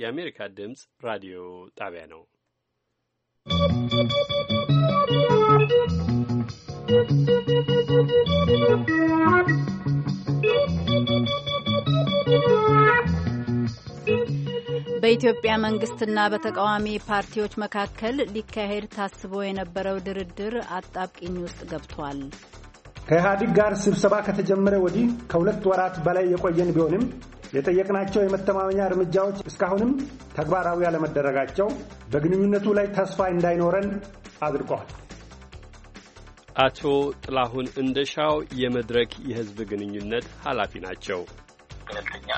የአሜሪካ ድምፅ ራዲዮ ጣቢያ ነው። በኢትዮጵያ መንግስትና በተቃዋሚ ፓርቲዎች መካከል ሊካሄድ ታስቦ የነበረው ድርድር አጣብቂኝ ውስጥ ገብቷል። ከኢህአዲግ ጋር ስብሰባ ከተጀመረ ወዲህ ከሁለት ወራት በላይ የቆየን ቢሆንም የጠየቅናቸው የመተማመኛ እርምጃዎች እስካሁንም ተግባራዊ ያለመደረጋቸው በግንኙነቱ ላይ ተስፋ እንዳይኖረን አድርጓል። አቶ ጥላሁን እንደሻው የመድረክ የህዝብ ግንኙነት ኃላፊ ናቸው። ገለልተኛ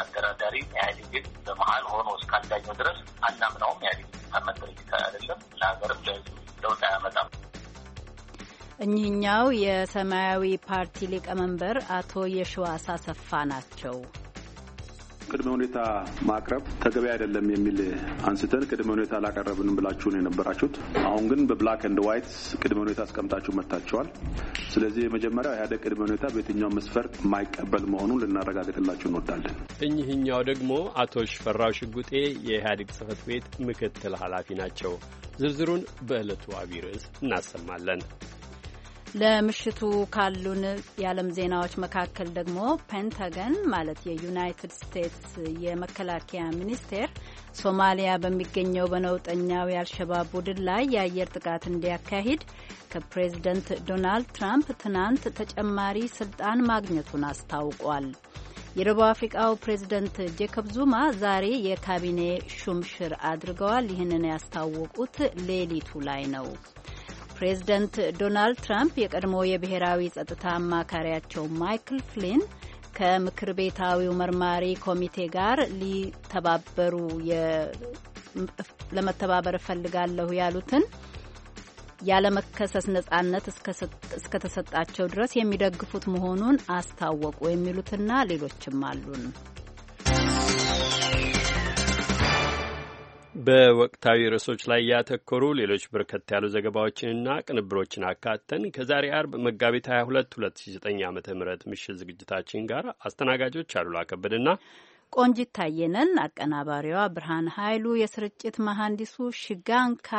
አደራዳሪ ኢህአዴግን በመሀል ሆኖ እስካዳኘው ድረስ አናምነውም። ኢህአዴግ ታመን ድርጅት አይደለም፣ ለሀገርም ለህዝብ ለውጥ አያመጣም። እኚህኛው የሰማያዊ ፓርቲ ሊቀመንበር አቶ የሸዋስ አሰፋ ናቸው። ቅድመ ሁኔታ ማቅረብ ተገቢ አይደለም የሚል አንስተን ቅድመ ሁኔታ አላቀረብንም ብላችሁ ነው የነበራችሁት። አሁን ግን በብላክ ኤንድ ዋይት ቅድመ ሁኔታ አስቀምጣችሁ መጥታችኋል። ስለዚህ የመጀመሪያው ኢህአዴግ ቅድመ ሁኔታ በየትኛው መስፈርት የማይቀበል መሆኑን ልናረጋግጥላችሁ እንወዳለን። እኚህኛው ደግሞ አቶ ሽፈራው ሽጉጤ የኢህአዴግ ጽህፈት ቤት ምክትል ኃላፊ ናቸው። ዝርዝሩን በዕለቱ አቢይ ርዕስ እናሰማለን። ለምሽቱ ካሉን የዓለም ዜናዎች መካከል ደግሞ ፔንታገን ማለት የዩናይትድ ስቴትስ የመከላከያ ሚኒስቴር ሶማሊያ በሚገኘው በነውጠኛው የአልሸባብ ቡድን ላይ የአየር ጥቃት እንዲያካሂድ ከፕሬዝደንት ዶናልድ ትራምፕ ትናንት ተጨማሪ ስልጣን ማግኘቱን አስታውቋል። የደቡብ አፍሪቃው ፕሬዝደንት ጄኮብ ዙማ ዛሬ የካቢኔ ሹምሽር አድርገዋል። ይህንን ያስታወቁት ሌሊቱ ላይ ነው። ፕሬዝደንት ዶናልድ ትራምፕ የቀድሞ የብሔራዊ ጸጥታ አማካሪያቸው ማይክል ፍሊን ከምክር ቤታዊው መርማሪ ኮሚቴ ጋር ሊተባበሩ ለመተባበር እፈልጋለሁ ያሉትን ያለመከሰስ ነጻነት እስከተሰጣቸው ድረስ የሚደግፉት መሆኑን አስታወቁ። የሚሉትና ሌሎችም አሉን። በወቅታዊ ርዕሶች ላይ ያተኮሩ ሌሎች በርከት ያሉ ዘገባዎችንና ቅንብሮችን አካተን ከዛሬ አርብ መጋቢት 22 2009 ዓ ም ምሽት ዝግጅታችን ጋር አስተናጋጆች አሉላ ከበድና ቆንጂት ታየነን፣ አቀናባሪዋ ብርሃን ኃይሉ፣ የስርጭት መሐንዲሱ ሽጋንካ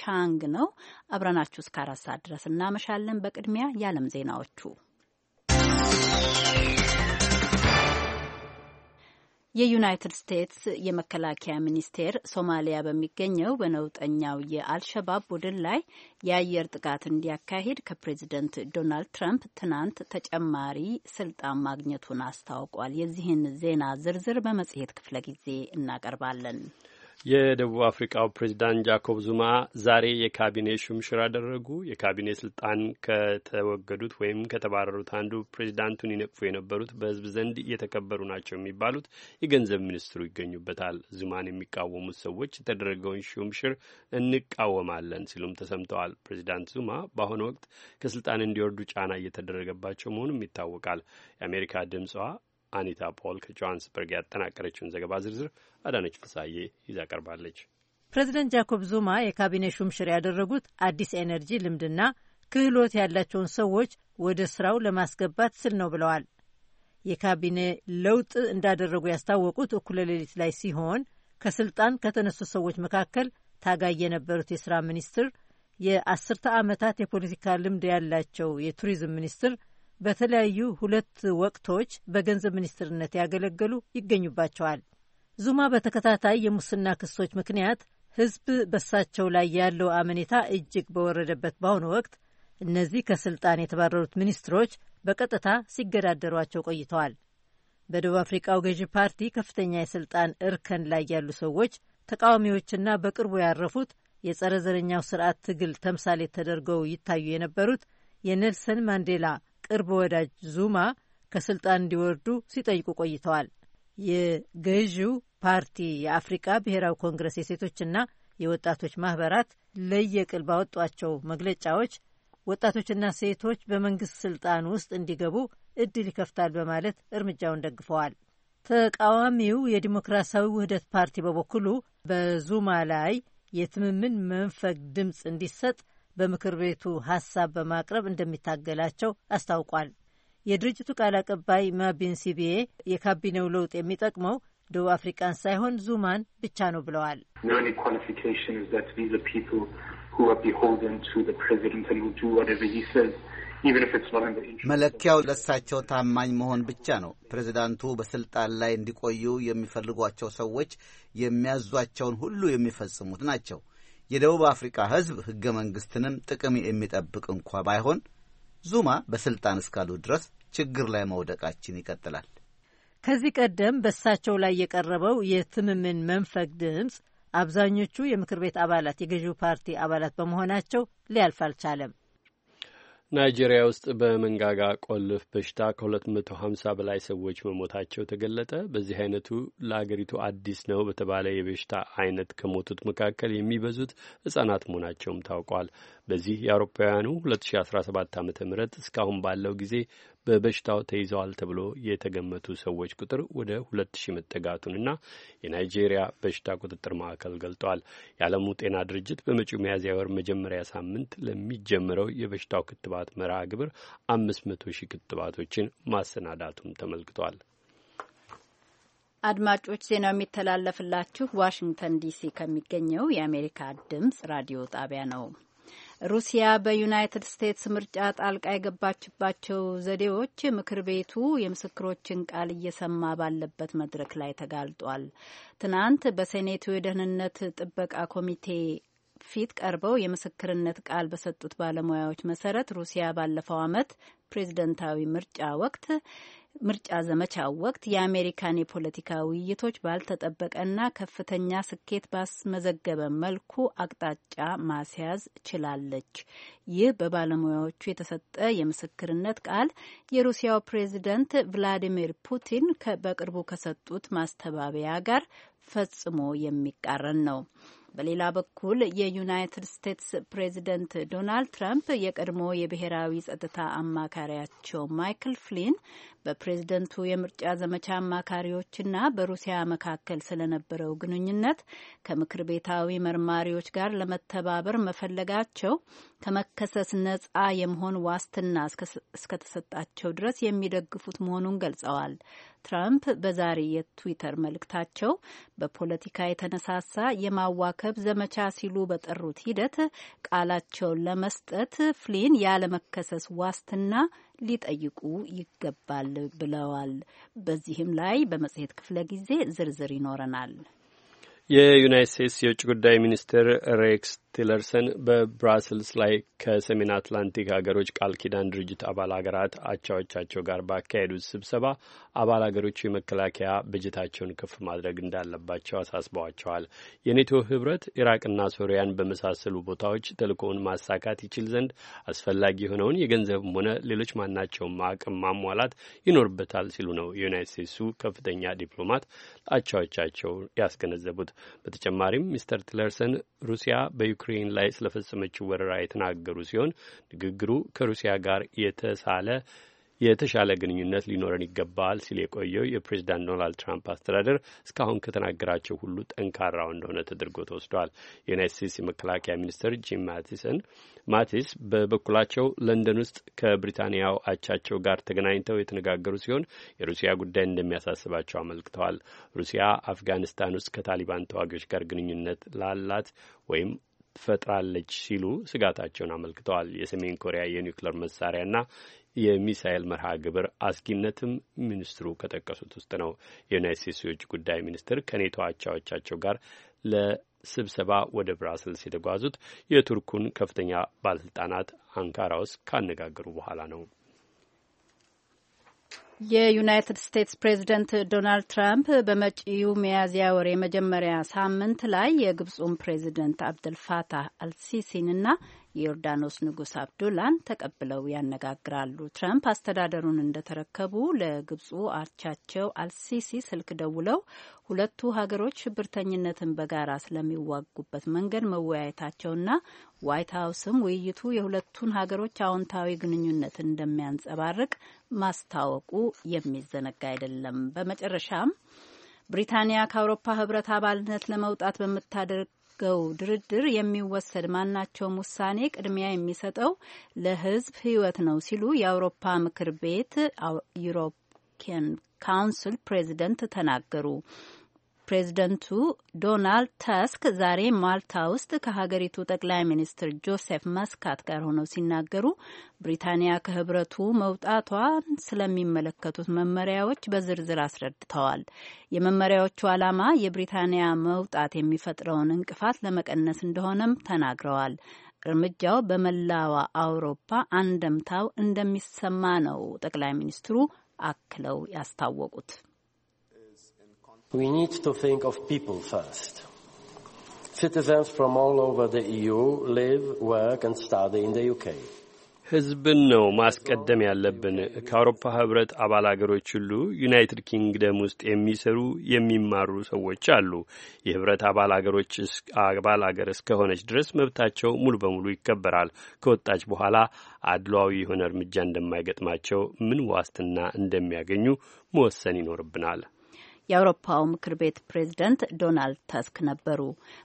ቻንግ ነው። አብረናችሁ እስከ አራት ሰዓት ድረስ እናመሻለን። በቅድሚያ የዓለም ዜናዎቹ የዩናይትድ ስቴትስ የመከላከያ ሚኒስቴር ሶማሊያ በሚገኘው በነውጠኛው የአልሸባብ ቡድን ላይ የአየር ጥቃት እንዲያካሂድ ከፕሬዚደንት ዶናልድ ትራምፕ ትናንት ተጨማሪ ስልጣን ማግኘቱን አስታውቋል። የዚህን ዜና ዝርዝር በመጽሔት ክፍለ ጊዜ እናቀርባለን። የደቡብ አፍሪካው ፕሬዚዳንት ጃኮብ ዙማ ዛሬ የካቢኔ ሹምሽር አደረጉ። የካቢኔ ስልጣን ከተወገዱት ወይም ከተባረሩት አንዱ ፕሬዚዳንቱን ይነቅፉ የነበሩት በህዝብ ዘንድ የተከበሩ ናቸው የሚባሉት የገንዘብ ሚኒስትሩ ይገኙበታል። ዙማን የሚቃወሙት ሰዎች የተደረገውን ሹምሽር እንቃወማለን ሲሉም ተሰምተዋል። ፕሬዚዳንት ዙማ በአሁኑ ወቅት ከስልጣን እንዲወርዱ ጫና እየተደረገባቸው መሆኑም ይታወቃል። የአሜሪካ ድምጽዋ። አኒታ ፖል ከጆሃንስበርግ ያጠናቀረችውን ዘገባ ዝርዝር አዳነች ፍሳዬ ይዛ ቀርባለች። ፕሬዚደንት ጃኮብ ዙማ የካቢኔ ሹምሽር ያደረጉት አዲስ ኤነርጂ ልምድና ክህሎት ያላቸውን ሰዎች ወደ ስራው ለማስገባት ስል ነው ብለዋል። የካቢኔ ለውጥ እንዳደረጉ ያስታወቁት እኩለ ሌሊት ላይ ሲሆን ከስልጣን ከተነሱ ሰዎች መካከል ታጋይ የነበሩት የስራ ሚኒስትር፣ የአስርተ ዓመታት የፖለቲካ ልምድ ያላቸው የቱሪዝም ሚኒስትር በተለያዩ ሁለት ወቅቶች በገንዘብ ሚኒስትርነት ያገለገሉ ይገኙባቸዋል። ዙማ በተከታታይ የሙስና ክሶች ምክንያት ሕዝብ በሳቸው ላይ ያለው አመኔታ እጅግ በወረደበት በአሁኑ ወቅት እነዚህ ከስልጣን የተባረሩት ሚኒስትሮች በቀጥታ ሲገዳደሯቸው ቆይተዋል። በደቡብ አፍሪቃው ገዢ ፓርቲ ከፍተኛ የስልጣን እርከን ላይ ያሉ ሰዎች ተቃዋሚዎችና በቅርቡ ያረፉት የጸረ ዘረኛው ስርዓት ትግል ተምሳሌት ተደርገው ይታዩ የነበሩት የኔልሰን ማንዴላ ቅርብ ወዳጅ ዙማ ከስልጣን እንዲወርዱ ሲጠይቁ ቆይተዋል። የገዢው ፓርቲ የአፍሪቃ ብሔራዊ ኮንግረስ የሴቶችና የወጣቶች ማህበራት ለየቅል ባወጧቸው መግለጫዎች ወጣቶችና ሴቶች በመንግስት ስልጣን ውስጥ እንዲገቡ እድል ይከፍታል በማለት እርምጃውን ደግፈዋል። ተቃዋሚው የዲሞክራሲያዊ ውህደት ፓርቲ በበኩሉ በዙማ ላይ የትምምን መንፈግ ድምፅ እንዲሰጥ በምክር ቤቱ ሀሳብ በማቅረብ እንደሚታገላቸው አስታውቋል። የድርጅቱ ቃል አቀባይ ማቢን ሲቢዬ የካቢኔው ለውጥ የሚጠቅመው ደቡብ አፍሪቃን ሳይሆን ዙማን ብቻ ነው ብለዋል። መለኪያው ለሳቸው ታማኝ መሆን ብቻ ነው። ፕሬዚዳንቱ በስልጣን ላይ እንዲቆዩ የሚፈልጓቸው ሰዎች የሚያዟቸውን ሁሉ የሚፈጽሙት ናቸው። የደቡብ አፍሪካ ሕዝብ ሕገ መንግሥትንም ጥቅም የሚጠብቅ እንኳ ባይሆን ዙማ በስልጣን እስካሉ ድረስ ችግር ላይ መውደቃችን ይቀጥላል። ከዚህ ቀደም በእሳቸው ላይ የቀረበው የትምምን መንፈግ ድምፅ አብዛኞቹ የምክር ቤት አባላት የገዢው ፓርቲ አባላት በመሆናቸው ሊያልፍ አልቻለም። ናይጄሪያ ውስጥ በመንጋጋ ቆልፍ በሽታ ከ250 በላይ ሰዎች መሞታቸው ተገለጠ። በዚህ አይነቱ ለአገሪቱ አዲስ ነው በተባለ የበሽታ አይነት ከሞቱት መካከል የሚበዙት ህጻናት መሆናቸውም ታውቋል። በዚህ የአውሮፓውያኑ 2017 ዓ ም እስካሁን ባለው ጊዜ በበሽታው ተይዘዋል ተብሎ የተገመቱ ሰዎች ቁጥር ወደ ሁለት ሺህ መጠጋቱንና የናይጄሪያ በሽታ ቁጥጥር ማዕከል ገልጧል። የዓለሙ ጤና ድርጅት በመጪው ሚያዝያ ወር መጀመሪያ ሳምንት ለሚጀምረው የበሽታው ክትባት መርሃ ግብር አምስት መቶ ሺህ ክትባቶችን ማሰናዳቱም ተመልክቷል። አድማጮች ዜናው የሚተላለፍላችሁ ዋሽንግተን ዲሲ ከሚገኘው የአሜሪካ ድምጽ ራዲዮ ጣቢያ ነው። ሩሲያ በዩናይትድ ስቴትስ ምርጫ ጣልቃ የገባችባቸው ዘዴዎች ምክር ቤቱ የምስክሮችን ቃል እየሰማ ባለበት መድረክ ላይ ተጋልጧል። ትናንት በሴኔቱ የደህንነት ጥበቃ ኮሚቴ ፊት ቀርበው የምስክርነት ቃል በሰጡት ባለሙያዎች መሰረት ሩሲያ ባለፈው ዓመት ፕሬዝደንታዊ ምርጫ ወቅት ምርጫ ዘመቻ ወቅት የአሜሪካን የፖለቲካ ውይይቶች ባልተጠበቀና ከፍተኛ ስኬት ባስመዘገበ መልኩ አቅጣጫ ማስያዝ ችላለች። ይህ በባለሙያዎቹ የተሰጠ የምስክርነት ቃል የሩሲያው ፕሬዚደንት ቭላዲሚር ፑቲን በቅርቡ ከሰጡት ማስተባበያ ጋር ፈጽሞ የሚቃረን ነው። በሌላ በኩል የዩናይትድ ስቴትስ ፕሬዚደንት ዶናልድ ትራምፕ የቀድሞ የብሔራዊ ጸጥታ አማካሪያቸው ማይክል ፍሊን በፕሬዝደንቱ የምርጫ ዘመቻ አማካሪዎችና በሩሲያ መካከል ስለነበረው ግንኙነት ከምክር ቤታዊ መርማሪዎች ጋር ለመተባበር መፈለጋቸው ከመከሰስ ነጻ የመሆን ዋስትና እስከተሰጣቸው ድረስ የሚደግፉት መሆኑን ገልጸዋል። ትራምፕ በዛሬ የትዊተር መልእክታቸው በፖለቲካ የተነሳሳ የማዋከብ ዘመቻ ሲሉ በጠሩት ሂደት ቃላቸውን ለመስጠት ፍሊን ያለመከሰስ ዋስትና ሊጠይቁ ይገባል ብለዋል። በዚህም ላይ በመጽሔት ክፍለ ጊዜ ዝርዝር ይኖረናል። የዩናይት ስቴትስ የውጭ ጉዳይ ሚኒስትር ሬክስ ቲለርሰን በብራስልስ ላይ ከሰሜን አትላንቲክ ሀገሮች ቃል ኪዳን ድርጅት አባል ሀገራት አቻዎቻቸው ጋር ባካሄዱት ስብሰባ አባል ሀገሮቹ የመከላከያ በጀታቸውን ከፍ ማድረግ እንዳለባቸው አሳስበዋቸዋል። የኔቶ ህብረት ኢራቅና ሶሪያን በመሳሰሉ ቦታዎች ተልእኮውን ማሳካት ይችል ዘንድ አስፈላጊ የሆነውን የገንዘብም ሆነ ሌሎች ማናቸውን አቅም ማሟላት ይኖርበታል ሲሉ ነው የዩናይት ስቴትሱ ከፍተኛ ዲፕሎማት አቻዎቻቸው ያስገነዘቡት። በተጨማሪም ሚስተር ቲለርሰን ሩሲያ በዩ ዩክሬን ላይ ስለፈጸመችው ወረራ የተናገሩ ሲሆን ንግግሩ ከሩሲያ ጋር የተሳለ የተሻለ ግንኙነት ሊኖረን ይገባል ሲል የቆየው የፕሬዚዳንት ዶናልድ ትራምፕ አስተዳደር እስካሁን ከተናገራቸው ሁሉ ጠንካራው እንደሆነ ተደርጎ ተወስዷል። የዩናይት ስቴትስ የመከላከያ ሚኒስትር ጂም ማቲስን ማቲስ በበኩላቸው ለንደን ውስጥ ከብሪታንያው አቻቸው ጋር ተገናኝተው የተነጋገሩ ሲሆን የሩሲያ ጉዳይ እንደሚያሳስባቸው አመልክተዋል። ሩሲያ አፍጋኒስታን ውስጥ ከታሊባን ተዋጊዎች ጋር ግንኙነት ላላት ወይም ፈጥራለች ሲሉ ስጋታቸውን አመልክተዋል። የሰሜን ኮሪያ የኒውክሌር መሳሪያና የሚሳኤል መርሃ ግብር አስጊነትም ሚኒስትሩ ከጠቀሱት ውስጥ ነው። የዩናይት ስቴትስ የውጭ ጉዳይ ሚኒስትር ከኔቶ አቻዎቻቸው ጋር ለስብሰባ ወደ ብራስልስ የተጓዙት የቱርኩን ከፍተኛ ባለስልጣናት አንካራ ውስጥ ካነጋገሩ በኋላ ነው። የዩናይትድ ስቴትስ ፕሬዚደንት ዶናልድ ትራምፕ በመጪው ሚያዝያ ወር የመጀመሪያ ሳምንት ላይ የግብፁን ፕሬዚደንት አብደልፋታህ አልሲሲን አልሲሲንና የዮርዳኖስ ንጉስ አብዱላን ተቀብለው ያነጋግራሉ። ትራምፕ አስተዳደሩን እንደተረከቡ ለግብፁ አቻቸው አልሲሲ ስልክ ደውለው ሁለቱ ሀገሮች ሽብርተኝነትን በጋራ ስለሚዋጉበት መንገድ መወያየታቸውና ዋይት ሀውስም ውይይቱ የሁለቱን ሀገሮች አዎንታዊ ግንኙነት እንደሚያንጸባርቅ ማስታወቁ የሚዘነጋ አይደለም። በመጨረሻም ብሪታንያ ከአውሮፓ ህብረት አባልነት ለመውጣት በምታደርግ በተደረገው ድርድር የሚወሰድ ማናቸውም ውሳኔ ቅድሚያ የሚሰጠው ለሕዝብ ሕይወት ነው ሲሉ የአውሮፓ ምክር ቤት ዩሮፒያን ካውንስል ፕሬዚደንት ተናገሩ። ፕሬዝደንቱ ዶናልድ ተስክ ዛሬ ማልታ ውስጥ ከሀገሪቱ ጠቅላይ ሚኒስትር ጆሴፍ መስካት ጋር ሆነው ሲናገሩ ብሪታንያ ከህብረቱ መውጣቷን ስለሚመለከቱት መመሪያዎች በዝርዝር አስረድተዋል። የመመሪያዎቹ ዓላማ የብሪታንያ መውጣት የሚፈጥረውን እንቅፋት ለመቀነስ እንደሆነም ተናግረዋል። እርምጃው በመላዋ አውሮፓ አንደምታው እንደሚሰማ ነው ጠቅላይ ሚኒስትሩ አክለው ያስታወቁት። We need to think of people first. Citizens from all over the EU live, work and study in the UK. ህዝብን ነው ማስቀደም ያለብን። ከአውሮፓ ህብረት አባል አገሮች ሁሉ ዩናይትድ ኪንግደም ውስጥ የሚሰሩ የሚማሩ ሰዎች አሉ። የህብረት አባል አገሮች አባል አገር እስከሆነች ድረስ መብታቸው ሙሉ በሙሉ ይከበራል። ከወጣች በኋላ አድሏዊ የሆነ እርምጃ እንደማይገጥማቸው ምን ዋስትና እንደሚያገኙ መወሰን ይኖርብናል። የአውሮፓው ምክር ቤት ፕሬዝደንት ዶናልድ ተስክ ነበሩ።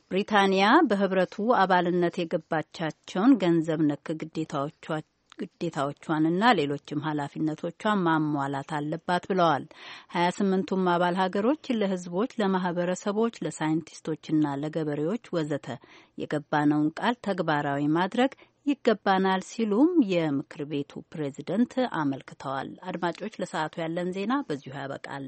ብሪታንያ በህብረቱ አባልነት የገባቻቸውን ገንዘብ ነክ ግዴታዎቿን ግዴታዎቿንና ሌሎችም ኃላፊነቶቿን ማሟላት አለባት ብለዋል። ሀያ ስምንቱም አባል ሀገሮች ለህዝቦች፣ ለማህበረሰቦች፣ ለሳይንቲስቶችና ለገበሬዎች ወዘተ የገባነውን ቃል ተግባራዊ ማድረግ ይገባናል ሲሉም የምክር ቤቱ ፕሬዝደንት አመልክተዋል። አድማጮች፣ ለሰዓቱ ያለን ዜና በዚሁ ያበቃል።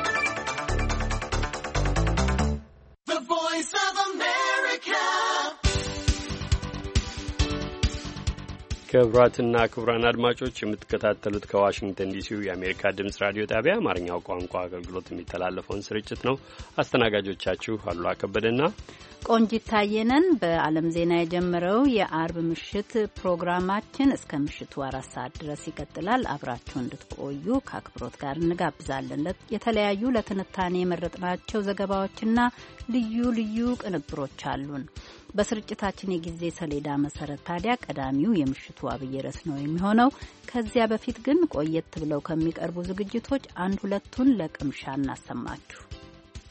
ክቡራትና ክቡራን አድማጮች የምትከታተሉት ከዋሽንግተን ዲሲው የአሜሪካ ድምፅ ራዲዮ ጣቢያ አማርኛው ቋንቋ አገልግሎት የሚተላለፈውን ስርጭት ነው። አስተናጋጆቻችሁ አሉላ ከበደና ቆንጂት ታየነን። በዓለም ዜና የጀመረው የአርብ ምሽት ፕሮግራማችን እስከ ምሽቱ አራት ሰዓት ድረስ ይቀጥላል። አብራችሁ እንድትቆዩ ከአክብሮት ጋር እንጋብዛለን። የተለያዩ ለትንታኔ የመረጥናቸው ዘገባዎችና ልዩ ልዩ ቅንብሮች አሉን። በስርጭታችን የጊዜ ሰሌዳ መሰረት ታዲያ ቀዳሚው የምሽቱ አብይ ርዕስ ነው የሚሆነው። ከዚያ በፊት ግን ቆየት ብለው ከሚቀርቡ ዝግጅቶች አንድ ሁለቱን ለቅምሻ እናሰማችሁ።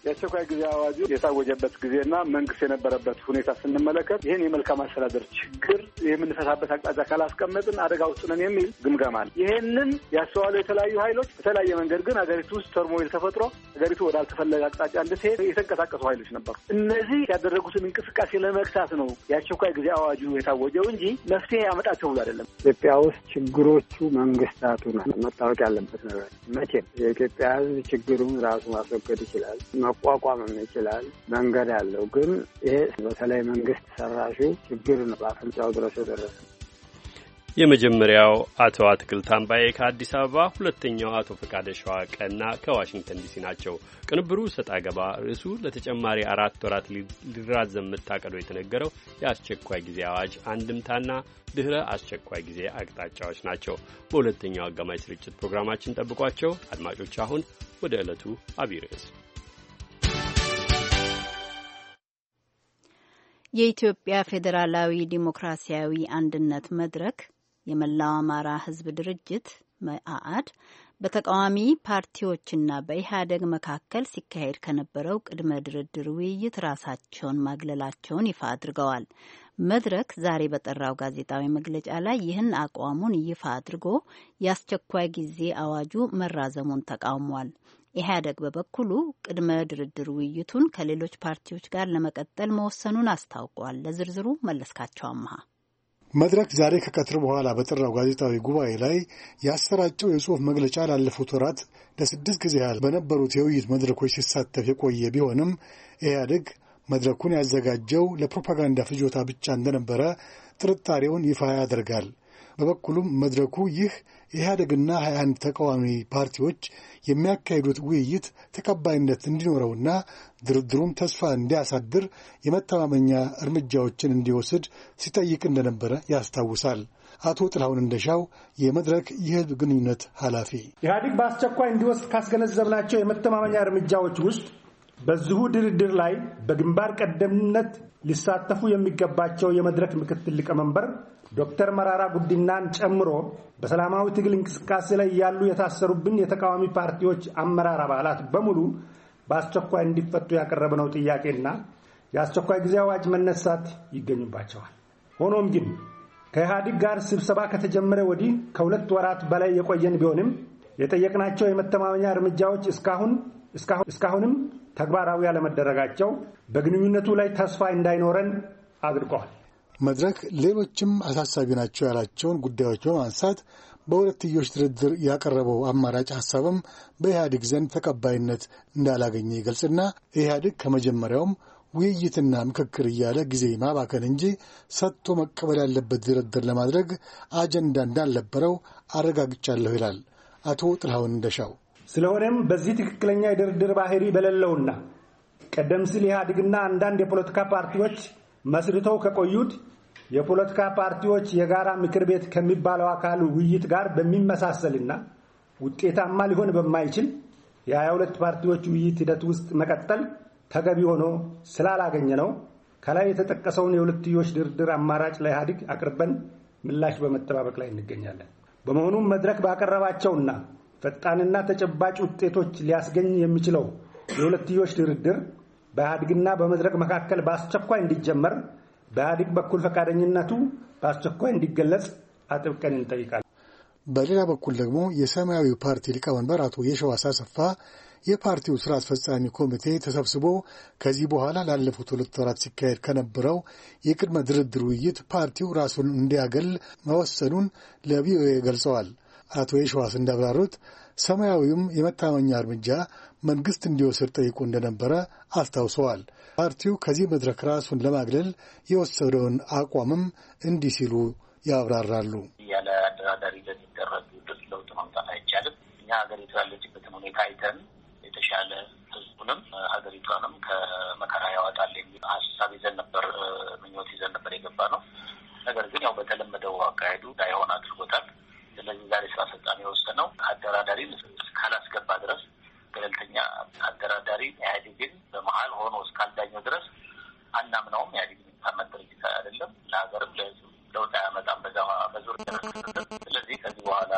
የአስቸኳይ ጊዜ አዋጁ የታወጀበት ጊዜና መንግስት የነበረበት ሁኔታ ስንመለከት ይህን የመልካም አስተዳደር ችግር የምንፈታበት አቅጣጫ ካላስቀመጥን አደጋ ውስጥ ነን የሚል ግምገማ አለ። ይህንን ያስተዋሉ የተለያዩ ኃይሎች በተለያየ መንገድ ግን ሀገሪቱ ውስጥ ተርሞይል ተፈጥሮ ሀገሪቱ ወዳልተፈለገ አቅጣጫ እንድትሄድ የተንቀሳቀሱ ኃይሎች ነበሩ። እነዚህ ያደረጉትን እንቅስቃሴ ለመግታት ነው የአስቸኳይ ጊዜ አዋጁ የታወጀው እንጂ መፍትሄ ያመጣቸው ብሎ አይደለም። ኢትዮጵያ ውስጥ ችግሮቹ መንግስታቱ ነው መታወቅ ያለበት ነበር። መቼም የኢትዮጵያ ህዝብ ችግሩን ራሱ ማስወገድ ይችላል መቋቋምም ይችላል። መንገድ አለው። ግን ይሄ በተለይ መንግስት ሰራሹ ችግር ነው፣ በአፍንጫው ድረስ የደረሰ የመጀመሪያው አቶ አትክልት አምባዬ ከአዲስ አበባ፣ ሁለተኛው አቶ ፈቃደ ሸዋቀና ከዋሽንግተን ዲሲ ናቸው። ቅንብሩ ሰጥ አገባ ርዕሱ ለተጨማሪ አራት ወራት ሊራዘም መታቀዱ የተነገረው የአስቸኳይ ጊዜ አዋጅ አንድምታና ድህረ አስቸኳይ ጊዜ አቅጣጫዎች ናቸው። በሁለተኛው አጋማሽ ስርጭት ፕሮግራማችን ጠብቋቸው አድማጮች። አሁን ወደ ዕለቱ አብይ ርዕስ የኢትዮጵያ ፌዴራላዊ ዲሞክራሲያዊ አንድነት መድረክ፣ የመላው አማራ ህዝብ ድርጅት መአአድ በተቃዋሚ ፓርቲዎችና በኢህአደግ መካከል ሲካሄድ ከነበረው ቅድመ ድርድር ውይይት ራሳቸውን ማግለላቸውን ይፋ አድርገዋል። መድረክ ዛሬ በጠራው ጋዜጣዊ መግለጫ ላይ ይህን አቋሙን ይፋ አድርጎ የአስቸኳይ ጊዜ አዋጁ መራዘሙን ተቃውሟል። ኢህአደግ በበኩሉ ቅድመ ድርድር ውይይቱን ከሌሎች ፓርቲዎች ጋር ለመቀጠል መወሰኑን አስታውቋል። ለዝርዝሩ መለስካቸው አመሃ መድረክ ዛሬ ከቀትር በኋላ በጠራው ጋዜጣዊ ጉባኤ ላይ ያሰራጨው የጽሑፍ መግለጫ ላለፉት ወራት ለስድስት ጊዜ ያህል በነበሩት የውይይት መድረኮች ሲሳተፍ የቆየ ቢሆንም ኢህአዴግ መድረኩን ያዘጋጀው ለፕሮፓጋንዳ ፍጆታ ብቻ እንደነበረ ጥርጣሬውን ይፋ ያደርጋል። በበኩሉም መድረኩ ይህ ኢህአደግና 21 ተቃዋሚ ፓርቲዎች የሚያካሂዱት ውይይት ተቀባይነት እንዲኖረውና ድርድሩም ተስፋ እንዲያሳድር የመተማመኛ እርምጃዎችን እንዲወስድ ሲጠይቅ እንደነበረ ያስታውሳል። አቶ ጥላሁን እንደሻው የመድረክ የህዝብ ግንኙነት ኃላፊ ኢህአዲግ በአስቸኳይ እንዲወስድ ካስገነዘብናቸው የመተማመኛ እርምጃዎች ውስጥ በዚሁ ድርድር ላይ በግንባር ቀደምነት ሊሳተፉ የሚገባቸው የመድረክ ምክትል ሊቀመንበር ዶክተር መራራ ጉዲናን ጨምሮ በሰላማዊ ትግል እንቅስቃሴ ላይ ያሉ የታሰሩብን የተቃዋሚ ፓርቲዎች አመራር አባላት በሙሉ በአስቸኳይ እንዲፈቱ ያቀረብነው ጥያቄና የአስቸኳይ ጊዜ አዋጅ መነሳት ይገኙባቸዋል። ሆኖም ግን ከኢህአዲግ ጋር ስብሰባ ከተጀመረ ወዲህ ከሁለት ወራት በላይ የቆየን ቢሆንም የጠየቅናቸው የመተማመኛ እርምጃዎች እስካሁንም ተግባራዊ ያለመደረጋቸው በግንኙነቱ ላይ ተስፋ እንዳይኖረን አድርገዋል። መድረክ ሌሎችም አሳሳቢ ናቸው ያላቸውን ጉዳዮች በማንሳት በሁለትዮሽ ድርድር ያቀረበው አማራጭ ሀሳብም በኢህአዴግ ዘንድ ተቀባይነት እንዳላገኘ ይገልጽና ኢህአዴግ ከመጀመሪያውም ውይይትና ምክክር እያለ ጊዜ ማባከን እንጂ ሰጥቶ መቀበል ያለበት ድርድር ለማድረግ አጀንዳ እንዳልነበረው አረጋግጫለሁ ይላል። አቶ ጥላሁን እንደሻው። ስለሆነም በዚህ ትክክለኛ የድርድር ባህሪ በሌለውና ቀደም ሲል ኢህአዴግና አንዳንድ የፖለቲካ ፓርቲዎች መስርተው ከቆዩት የፖለቲካ ፓርቲዎች የጋራ ምክር ቤት ከሚባለው አካል ውይይት ጋር በሚመሳሰልና ውጤታማ ሊሆን በማይችል የ ሁለት ፓርቲዎች ውይይት ሂደት ውስጥ መቀጠል ተገቢ ሆኖ ስላላገኘ ነው ከላይ የተጠቀሰውን የሁለትዮሽ ድርድር አማራጭ ለኢህአዴግ አቅርበን ምላሽ በመጠባበቅ ላይ እንገኛለን። በመሆኑም መድረክ ባቀረባቸውና ፈጣንና ተጨባጭ ውጤቶች ሊያስገኝ የሚችለው የሁለትዮሽ ድርድር በኢህአዴግና በመድረክ መካከል በአስቸኳይ እንዲጀመር በኢህአዴግ በኩል ፈቃደኝነቱ በአስቸኳይ እንዲገለጽ አጥብቀን እንጠይቃለን። በሌላ በኩል ደግሞ የሰማያዊ ፓርቲ ሊቀመንበር አቶ የሸዋስ አሰፋ የፓርቲው ስራ አስፈጻሚ ኮሚቴ ተሰብስቦ ከዚህ በኋላ ላለፉት ሁለት ወራት ሲካሄድ ከነበረው የቅድመ ድርድር ውይይት ፓርቲው ራሱን እንዲያገል መወሰኑን ለቪኦኤ ገልጸዋል። አቶ የሸዋስ እንዳብራሩት ሰማያዊውም የመታመኛ እርምጃ መንግስት እንዲወስድ ጠይቆ እንደነበረ አስታውሰዋል። ፓርቲው ከዚህ መድረክ ራሱን ለማግለል የወሰደውን አቋምም እንዲህ ሲሉ ያብራራሉ። ያለ አደራዳሪ ለሚደረግ ለውጥ ማምጣት አይቻልም። እኛ ሀገሪቱ ያለችበትን ሁኔታ አይተን የተሻለ ህዝቡንም ሀገሪቷንም ከመከራ ያወጣል የሚል ሀሳብ ይዘን ነበር፣ ምኞት ይዘን ነበር የገባ ነው። ነገር ግን ያው በተለመደው አካሄዱ ዳይሆን አድርጎታል። ስለዚህ ዛሬ ስራ አስፈጻሚ የወሰነው አደራዳሪ እስካላስገባ ድረስ ገለልተኛ አደራዳሪ ኢህአዴግን በመሀል ሆኖ እስካልዳኘው ድረስ አናምነውም። ኢህአዴግ የሚታመን ድርጅት አይደለም፣ ለሀገርም ለህዝብ ለውጥ አያመጣም። በዛ በዙር ስለዚህ ከዚህ በኋላ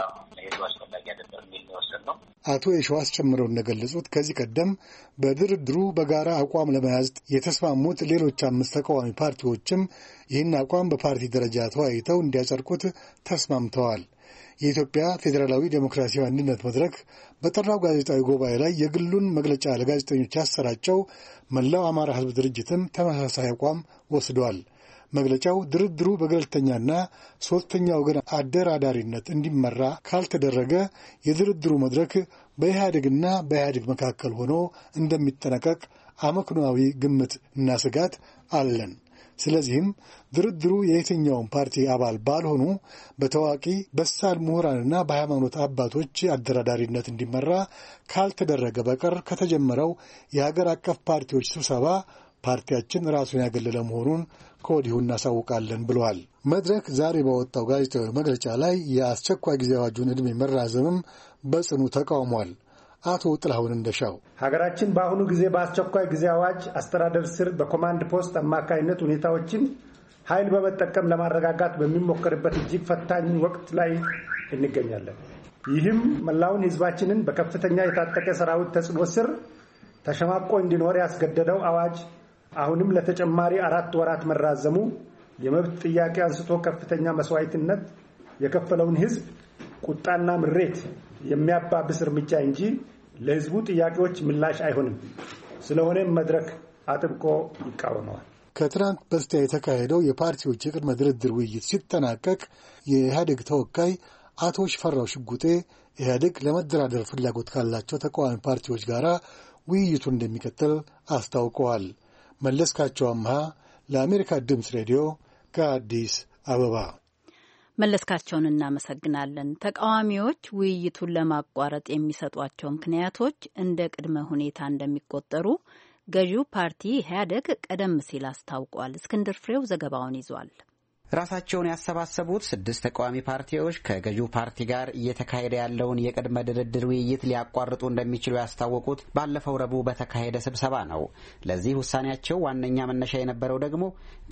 አስፈላጊ አይደለም የሚል ነው። አቶ የሸዋስ ጨምረው እንደገለጹት ከዚህ ቀደም በድርድሩ በጋራ አቋም ለመያዝ የተስማሙት ሌሎች አምስት ተቃዋሚ ፓርቲዎችም ይህን አቋም በፓርቲ ደረጃ ተወያይተው እንዲያጸድቁት ተስማምተዋል። የኢትዮጵያ ፌዴራላዊ ዴሞክራሲያዊ አንድነት መድረክ በጠራው ጋዜጣዊ ጉባኤ ላይ የግሉን መግለጫ ለጋዜጠኞች ያሰራጨው መላው አማራ ሕዝብ ድርጅትም ተመሳሳይ አቋም ወስዷል። መግለጫው ድርድሩ በገለልተኛና ሶስተኛ ወገን አደራዳሪነት እንዲመራ ካልተደረገ የድርድሩ መድረክ በኢህአዴግና በኢህአዴግ መካከል ሆኖ እንደሚጠናቀቅ አመክንዮአዊ ግምት እና ስጋት አለን። ስለዚህም ድርድሩ የየትኛውን ፓርቲ አባል ባልሆኑ በታዋቂ በሳል ምሁራንና በሃይማኖት አባቶች አደራዳሪነት እንዲመራ ካልተደረገ በቀር ከተጀመረው የሀገር አቀፍ ፓርቲዎች ስብሰባ ፓርቲያችን ራሱን ያገለለ መሆኑን ከወዲሁ እናሳውቃለን ብለዋል። መድረክ ዛሬ በወጣው ጋዜጣዊ መግለጫ ላይ የአስቸኳይ ጊዜ አዋጁን ዕድሜ መራዘምም በጽኑ ተቃውሟል። አቶ ጥላሁን እንደሻው ሀገራችን በአሁኑ ጊዜ በአስቸኳይ ጊዜ አዋጅ አስተዳደር ስር በኮማንድ ፖስት አማካኝነት ሁኔታዎችን ኃይል በመጠቀም ለማረጋጋት በሚሞከርበት እጅግ ፈታኝ ወቅት ላይ እንገኛለን። ይህም መላውን ሕዝባችንን በከፍተኛ የታጠቀ ሰራዊት ተጽዕኖ ስር ተሸማቆ እንዲኖር ያስገደደው አዋጅ አሁንም ለተጨማሪ አራት ወራት መራዘሙ የመብት ጥያቄ አንስቶ ከፍተኛ መስዋዕትነት የከፈለውን ህዝብ ቁጣና ምሬት የሚያባብስ እርምጃ እንጂ ለህዝቡ ጥያቄዎች ምላሽ አይሆንም። ስለሆነም መድረክ አጥብቆ ይቃወመዋል። ከትናንት በስቲያ የተካሄደው የፓርቲዎች የቅድመ ድርድር ውይይት ሲጠናቀቅ የኢህአዴግ ተወካይ አቶ ሽፈራው ሽጉጤ ኢህአዴግ ለመደራደር ፍላጎት ካላቸው ተቃዋሚ ፓርቲዎች ጋር ውይይቱን እንደሚቀጥል አስታውቀዋል። መለስካቸው አምሃ ለአሜሪካ ድምፅ ሬዲዮ ከአዲስ አበባ። መለስካቸውን እናመሰግናለን። ተቃዋሚዎች ውይይቱን ለማቋረጥ የሚሰጧቸው ምክንያቶች እንደ ቅድመ ሁኔታ እንደሚቆጠሩ ገዢው ፓርቲ ኢህአዴግ ቀደም ሲል አስታውቋል። እስክንድር ፍሬው ዘገባውን ይዟል። ራሳቸውን ያሰባሰቡት ስድስት ተቃዋሚ ፓርቲዎች ከገዢው ፓርቲ ጋር እየተካሄደ ያለውን የቅድመ ድርድር ውይይት ሊያቋርጡ እንደሚችሉ ያስታወቁት ባለፈው ረቡዕ በተካሄደ ስብሰባ ነው። ለዚህ ውሳኔያቸው ዋነኛ መነሻ የነበረው ደግሞ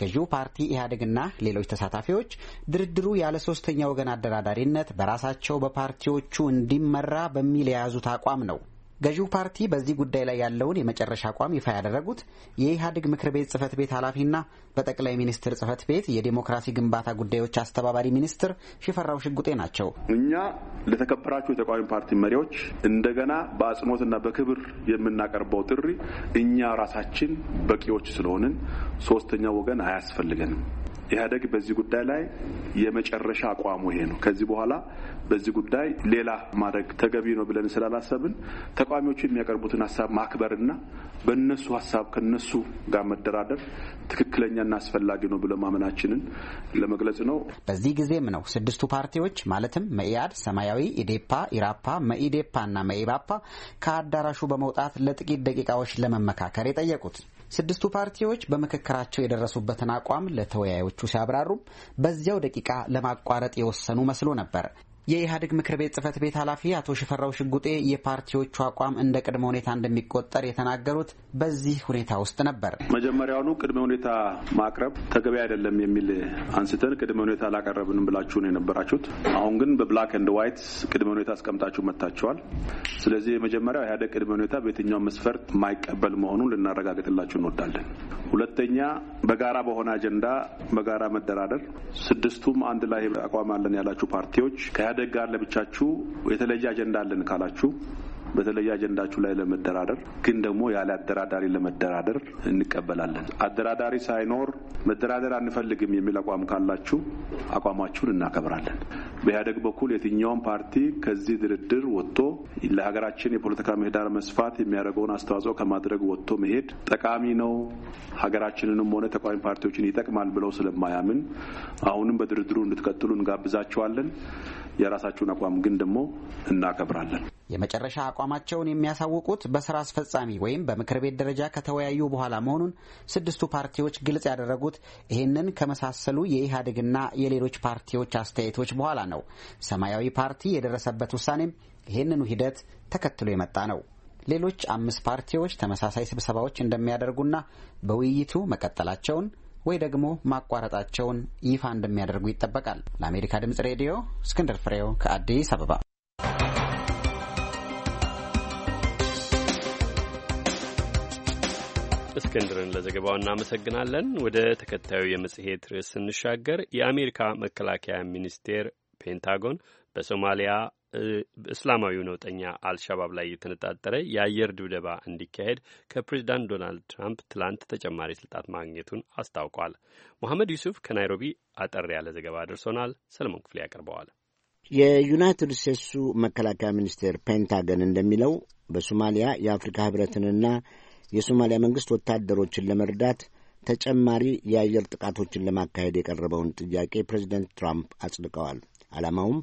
ገዢው ፓርቲ ኢህአዴግና ሌሎች ተሳታፊዎች ድርድሩ ያለ ሶስተኛ ወገን አደራዳሪነት በራሳቸው በፓርቲዎቹ እንዲመራ በሚል የያዙት አቋም ነው። ገዢው ፓርቲ በዚህ ጉዳይ ላይ ያለውን የመጨረሻ አቋም ይፋ ያደረጉት የኢህአዴግ ምክር ቤት ጽህፈት ቤት ኃላፊና በጠቅላይ ሚኒስትር ጽህፈት ቤት የዴሞክራሲ ግንባታ ጉዳዮች አስተባባሪ ሚኒስትር ሽፈራው ሽጉጤ ናቸው። እኛ ለተከበራቸው የተቃዋሚ ፓርቲ መሪዎች እንደገና በአጽንኦትና በክብር የምናቀርበው ጥሪ እኛ ራሳችን በቂዎች ስለሆንን ሶስተኛ ወገን አያስፈልገንም። ኢህአደግ በዚህ ጉዳይ ላይ የመጨረሻ አቋሙ ይሄ ነው። ከዚህ በኋላ በዚህ ጉዳይ ሌላ ማድረግ ተገቢ ነው ብለን ስላላሰብን ተቃዋሚዎቹ የሚያቀርቡትን ሀሳብ ማክበርና በእነሱ ሀሳብ ከነሱ ጋር መደራደር ትክክለኛና አስፈላጊ ነው ብለን ማመናችንን ለመግለጽ ነው። በዚህ ጊዜም ነው ስድስቱ ፓርቲዎች ማለትም መኢአድ፣ ሰማያዊ፣ ኢዴፓ፣ ኢራፓ፣ መኢዴፓና መኢባፓ ከአዳራሹ በመውጣት ለጥቂት ደቂቃዎች ለመመካከር የጠየቁት። ስድስቱ ፓርቲዎች በምክክራቸው የደረሱበትን አቋም ለተወያዮቹ ሲያብራሩም በዚያው ደቂቃ ለማቋረጥ የወሰኑ መስሎ ነበር። የኢህአዴግ ምክር ቤት ጽህፈት ቤት ኃላፊ አቶ ሽፈራው ሽጉጤ የፓርቲዎቹ አቋም እንደ ቅድመ ሁኔታ እንደሚቆጠር የተናገሩት በዚህ ሁኔታ ውስጥ ነበር። መጀመሪያውኑ ቅድመ ሁኔታ ማቅረብ ተገቢ አይደለም የሚል አንስተን ቅድመ ሁኔታ አላቀረብንም ብላችሁ ነው የነበራችሁት። አሁን ግን በብላክ ኤንድ ዋይት ቅድመ ሁኔታ አስቀምጣችሁ መጥታችኋል። ስለዚህ የመጀመሪያው ኢህአዴግ ቅድመ ሁኔታ በየትኛው መስፈርት የማይቀበል መሆኑን ልናረጋግጥላችሁ እንወዳለን። ሁለተኛ በጋራ በሆነ አጀንዳ በጋራ መደራደር ስድስቱም አንድ ላይ አቋም አለን ያላችሁ ፓርቲዎች ከኢህአዴግ ከኢህአዴግ ጋር ለብቻችሁ የተለየ አጀንዳ አለን ካላችሁ በተለየ አጀንዳችሁ ላይ ለመደራደር ግን ደግሞ ያለ አደራዳሪ ለመደራደር እንቀበላለን። አደራዳሪ ሳይኖር መደራደር አንፈልግም የሚል አቋም ካላችሁ አቋማችሁን እናከብራለን። በኢህአደግ በኩል የትኛውም ፓርቲ ከዚህ ድርድር ወጥቶ ለሀገራችን የፖለቲካ ምህዳር መስፋት የሚያደርገውን አስተዋጽኦ ከማድረግ ወጥቶ መሄድ ጠቃሚ ነው፣ ሀገራችንንም ሆነ ተቃዋሚ ፓርቲዎችን ይጠቅማል ብለው ስለማያምን አሁንም በድርድሩ እንድትቀጥሉ እንጋብዛችኋለን። የራሳችሁን አቋም ግን ደግሞ እናከብራለን። የመጨረሻ አቋማቸውን የሚያሳውቁት በስራ አስፈጻሚ ወይም በምክር ቤት ደረጃ ከተወያዩ በኋላ መሆኑን ስድስቱ ፓርቲዎች ግልጽ ያደረጉት ይህንን ከመሳሰሉ የኢህአዴግና የሌሎች ፓርቲዎች አስተያየቶች በኋላ ነው። ሰማያዊ ፓርቲ የደረሰበት ውሳኔም ይህንኑ ሂደት ተከትሎ የመጣ ነው። ሌሎች አምስት ፓርቲዎች ተመሳሳይ ስብሰባዎች እንደሚያደርጉና በውይይቱ መቀጠላቸውን ወይ ደግሞ ማቋረጣቸውን ይፋ እንደሚያደርጉ ይጠበቃል። ለአሜሪካ ድምጽ ሬዲዮ እስክንድር ፍሬው ከአዲስ አበባ። እስክንድርን ለዘገባው እናመሰግናለን። ወደ ተከታዩ የመጽሔት ርዕስ ስንሻገር የአሜሪካ መከላከያ ሚኒስቴር ፔንታጎን በሶማሊያ እስላማዊ ነውጠኛ አልሻባብ ላይ የተነጣጠረ የአየር ድብደባ እንዲካሄድ ከፕሬዚዳንት ዶናልድ ትራምፕ ትላንት ተጨማሪ ስልጣት ማግኘቱን አስታውቋል። መሐመድ ዩሱፍ ከናይሮቢ አጠር ያለ ዘገባ ደርሶናል። ሰለሞን ክፍሌ ያቀርበዋል። የዩናይትድ ስቴትሱ መከላከያ ሚኒስቴር ፔንታገን እንደሚለው በሶማሊያ የአፍሪካ ህብረትንና የሶማሊያ መንግስት ወታደሮችን ለመርዳት ተጨማሪ የአየር ጥቃቶችን ለማካሄድ የቀረበውን ጥያቄ ፕሬዚደንት ትራምፕ አጽድቀዋል። ዓላማውም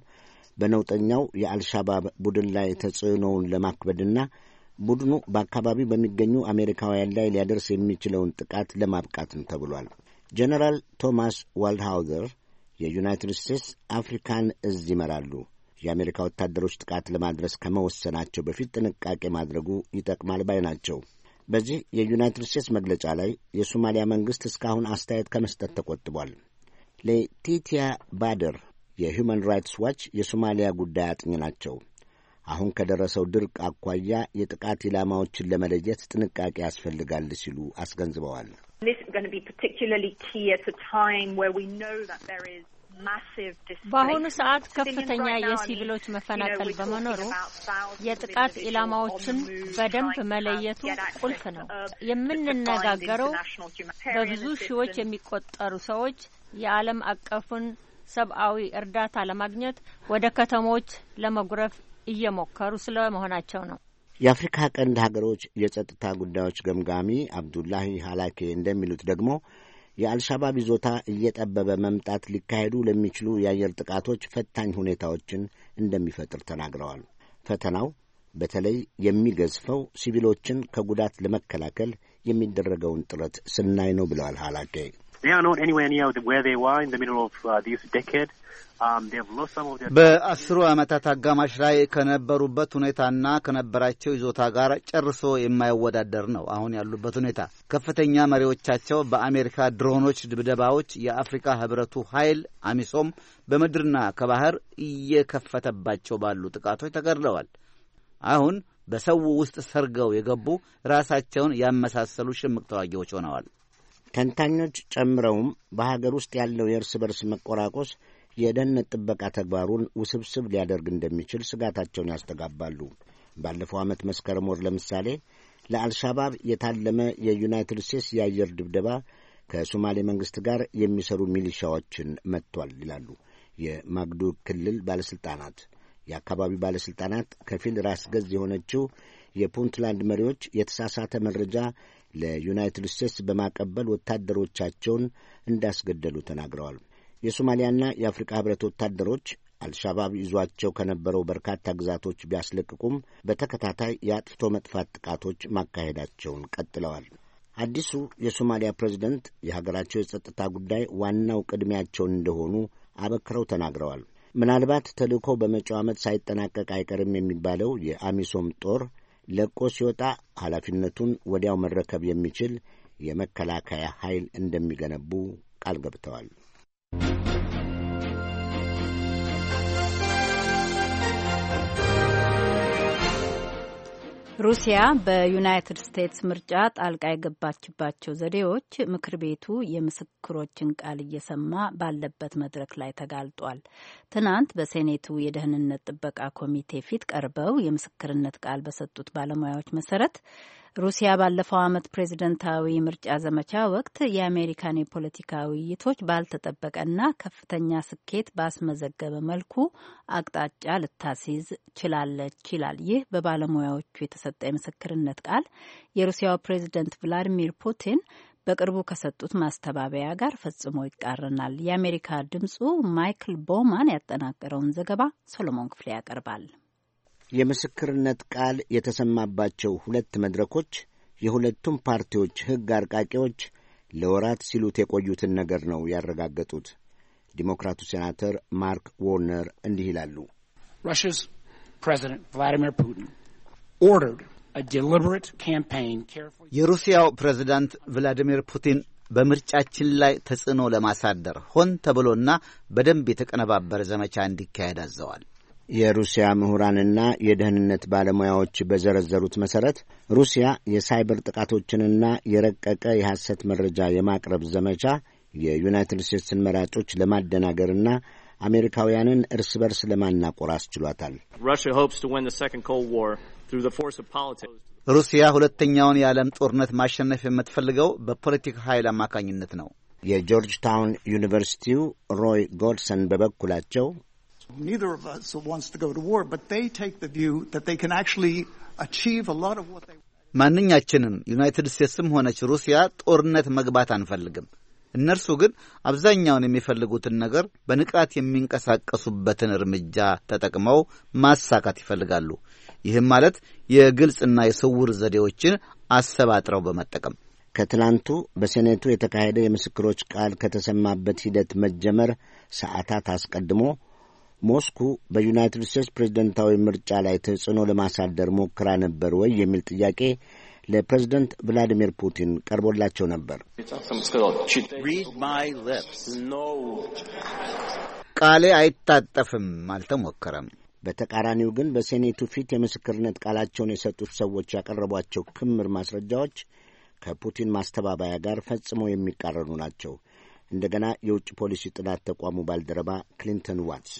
በነውጠኛው የአልሻባብ ቡድን ላይ ተጽዕኖውን ለማክበድና ቡድኑ በአካባቢው በሚገኙ አሜሪካውያን ላይ ሊያደርስ የሚችለውን ጥቃት ለማብቃትም ተብሏል። ጀነራል ቶማስ ዋልድሃውዘር የዩናይትድ ስቴትስ አፍሪካን እዝ ይመራሉ። የአሜሪካ ወታደሮች ጥቃት ለማድረስ ከመወሰናቸው በፊት ጥንቃቄ ማድረጉ ይጠቅማል ባይ ናቸው። በዚህ የዩናይትድ ስቴትስ መግለጫ ላይ የሶማሊያ መንግሥት እስካሁን አስተያየት ከመስጠት ተቆጥቧል። ሌቲቲያ ባደር የሁማን ራይትስ ዋች የሶማሊያ ጉዳይ አጥኚ ናቸው። አሁን ከደረሰው ድርቅ አኳያ የጥቃት ኢላማዎችን ለመለየት ጥንቃቄ ያስፈልጋል ሲሉ አስገንዝበዋል። በአሁኑ ሰዓት ከፍተኛ የሲቪሎች መፈናቀል በመኖሩ የጥቃት ኢላማዎችን በደንብ መለየቱ ቁልፍ ነው። የምንነጋገረው በብዙ ሺዎች የሚቆጠሩ ሰዎች የዓለም አቀፉን ሰብአዊ እርዳታ ለማግኘት ወደ ከተሞች ለመጉረፍ እየሞከሩ ስለ መሆናቸው ነው። የአፍሪካ ቀንድ ሀገሮች የጸጥታ ጉዳዮች ገምጋሚ አብዱላሂ ሀላኬ እንደሚሉት ደግሞ የአልሻባብ ይዞታ እየጠበበ መምጣት ሊካሄዱ ለሚችሉ የአየር ጥቃቶች ፈታኝ ሁኔታዎችን እንደሚፈጥር ተናግረዋል። ፈተናው በተለይ የሚገዝፈው ሲቪሎችን ከጉዳት ለመከላከል የሚደረገውን ጥረት ስናይ ነው ብለዋል ሀላኬ። በአስሩ ዓመታት አጋማሽ ላይ ከነበሩበት ሁኔታና ከነበራቸው ይዞታ ጋር ጨርሶ የማይወዳደር ነው አሁን ያሉበት ሁኔታ። ከፍተኛ መሪዎቻቸው በአሜሪካ ድሮኖች ድብደባዎች፣ የአፍሪካ ህብረቱ ኃይል አሚሶም በምድርና ከባህር እየከፈተባቸው ባሉ ጥቃቶች ተገድለዋል። አሁን በሰው ውስጥ ሰርገው የገቡ ራሳቸውን ያመሳሰሉ ሽምቅ ተዋጊዎች ሆነዋል። ተንታኞች ጨምረውም በሀገር ውስጥ ያለው የእርስ በርስ መቆራቆስ የደህንነት ጥበቃ ተግባሩን ውስብስብ ሊያደርግ እንደሚችል ስጋታቸውን ያስተጋባሉ። ባለፈው ዓመት መስከረም ወር ለምሳሌ ለአልሻባብ የታለመ የዩናይትድ ስቴትስ የአየር ድብደባ ከሶማሌ መንግሥት ጋር የሚሰሩ ሚሊሻዎችን መጥቷል ይላሉ የማግዱ ክልል ባለሥልጣናት። የአካባቢው ባለሥልጣናት ከፊል ራስ ገዝ የሆነችው የፑንትላንድ መሪዎች የተሳሳተ መረጃ ለዩናይትድ ስቴትስ በማቀበል ወታደሮቻቸውን እንዳስገደሉ ተናግረዋል። የሶማሊያና የአፍሪካ ህብረት ወታደሮች አልሻባብ ይዟቸው ከነበረው በርካታ ግዛቶች ቢያስለቅቁም በተከታታይ የአጥፍቶ መጥፋት ጥቃቶች ማካሄዳቸውን ቀጥለዋል። አዲሱ የሶማሊያ ፕሬዚደንት የሀገራቸው የጸጥታ ጉዳይ ዋናው ቅድሚያቸውን እንደሆኑ አበክረው ተናግረዋል። ምናልባት ተልእኮ በመጪው ዓመት ሳይጠናቀቅ አይቀርም የሚባለው የአሚሶም ጦር ለቆ ሲወጣ ኃላፊነቱን ወዲያው መረከብ የሚችል የመከላከያ ኃይል እንደሚገነቡ ቃል ገብተዋል። ሩሲያ በዩናይትድ ስቴትስ ምርጫ ጣልቃ የገባችባቸው ዘዴዎች ምክር ቤቱ የምስክሮችን ቃል እየሰማ ባለበት መድረክ ላይ ተጋልጧል። ትናንት በሴኔቱ የደህንነት ጥበቃ ኮሚቴ ፊት ቀርበው የምስክርነት ቃል በሰጡት ባለሙያዎች መሰረት ሩሲያ ባለፈው ዓመት ፕሬዝደንታዊ ምርጫ ዘመቻ ወቅት የአሜሪካን የፖለቲካ ውይይቶች ባልተጠበቀና ከፍተኛ ስኬት ባስመዘገበ መልኩ አቅጣጫ ልታስይዝ ችላለች ይላል። ይህ በባለሙያዎቹ የተሰጠ የምስክርነት ቃል የሩሲያው ፕሬዝደንት ቭላዲሚር ፑቲን በቅርቡ ከሰጡት ማስተባበያ ጋር ፈጽሞ ይቃረናል። የአሜሪካ ድምጹ ማይክል ቦማን ያጠናቀረውን ዘገባ ሶሎሞን ክፍሌ ያቀርባል። የምስክርነት ቃል የተሰማባቸው ሁለት መድረኮች የሁለቱም ፓርቲዎች ሕግ አርቃቂዎች ለወራት ሲሉት የቆዩትን ነገር ነው ያረጋገጡት። ዲሞክራቱ ሴናተር ማርክ ዎርነር እንዲህ ይላሉ። የሩሲያው ፕሬዝዳንት ቭላዲሚር ፑቲን በምርጫችን ላይ ተጽዕኖ ለማሳደር ሆን ተብሎና በደንብ የተቀነባበረ ዘመቻ እንዲካሄድ አዘዋል። የሩሲያ ምሁራንና የደህንነት ባለሙያዎች በዘረዘሩት መሠረት ሩሲያ የሳይበር ጥቃቶችንና የረቀቀ የሐሰት መረጃ የማቅረብ ዘመቻ የዩናይትድ ስቴትስን መራጮች ለማደናገርና አሜሪካውያንን እርስ በርስ ለማናቆር አስችሏታል። ሩሲያ ሁለተኛውን የዓለም ጦርነት ማሸነፍ የምትፈልገው በፖለቲካ ኃይል አማካኝነት ነው። የጆርጅ ታውን ዩኒቨርሲቲው ሮይ ጎድሰን በበኩላቸው Neither of us wants to go to war, but they take the view that they can actually achieve a lot of what they ማንኛችንም ዩናይትድ ስቴትስም ሆነች ሩሲያ ጦርነት መግባት አንፈልግም። እነርሱ ግን አብዛኛውን የሚፈልጉትን ነገር በንቃት የሚንቀሳቀሱበትን እርምጃ ተጠቅመው ማሳካት ይፈልጋሉ። ይህም ማለት የግልጽና የስውር ዘዴዎችን አሰባጥረው በመጠቀም ከትላንቱ በሴኔቱ የተካሄደ የምስክሮች ቃል ከተሰማበት ሂደት መጀመር ሰዓታት አስቀድሞ ሞስኩ በዩናይትድ ስቴትስ ፕሬዝደንታዊ ምርጫ ላይ ተጽዕኖ ለማሳደር ሞክራ ነበር ወይ የሚል ጥያቄ ለፕሬዝደንት ቭላዲሚር ፑቲን ቀርቦላቸው ነበር። ቃሌ አይታጠፍም፣ አልተሞከረም። በተቃራኒው ግን በሴኔቱ ፊት የምስክርነት ቃላቸውን የሰጡት ሰዎች ያቀረቧቸው ክምር ማስረጃዎች ከፑቲን ማስተባበያ ጋር ፈጽሞ የሚቃረኑ ናቸው። እንደገና የውጭ ፖሊሲ ጥናት ተቋሙ ባልደረባ ክሊንተን ዋትስ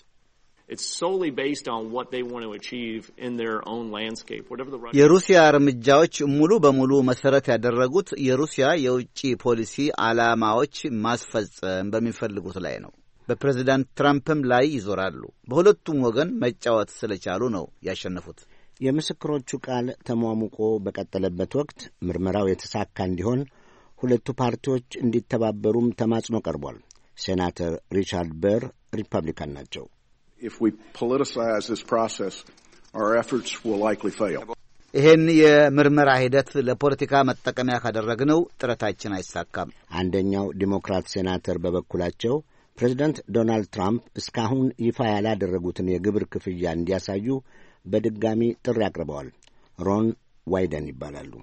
የሩሲያ እርምጃዎች ሙሉ በሙሉ መሰረት ያደረጉት የሩሲያ የውጭ ፖሊሲ ዓላማዎች ማስፈጸም በሚፈልጉት ላይ ነው። በፕሬዚዳንት ትራምፕም ላይ ይዞራሉ። በሁለቱም ወገን መጫወት ስለቻሉ ነው ያሸነፉት። የምስክሮቹ ቃል ተሟሙቆ በቀጠለበት ወቅት ምርመራው የተሳካ እንዲሆን ሁለቱ ፓርቲዎች እንዲተባበሩም ተማጽኖ ቀርቧል። ሴናተር ሪቻርድ በር ሪፐብሊካን ናቸው። if we politicize this process, our efforts will likely fail. ይህን የምርመራ ሂደት ለፖለቲካ መጠቀሚያ ካደረግነው ጥረታችን አይሳካም። አንደኛው ዲሞክራት ሴናተር በበኩላቸው ፕሬዚደንት ዶናልድ ትራምፕ እስካሁን ይፋ ያላደረጉትን የግብር ክፍያ እንዲያሳዩ በድጋሚ ጥሪ አቅርበዋል። ሮን ዋይደን ይባላሉ።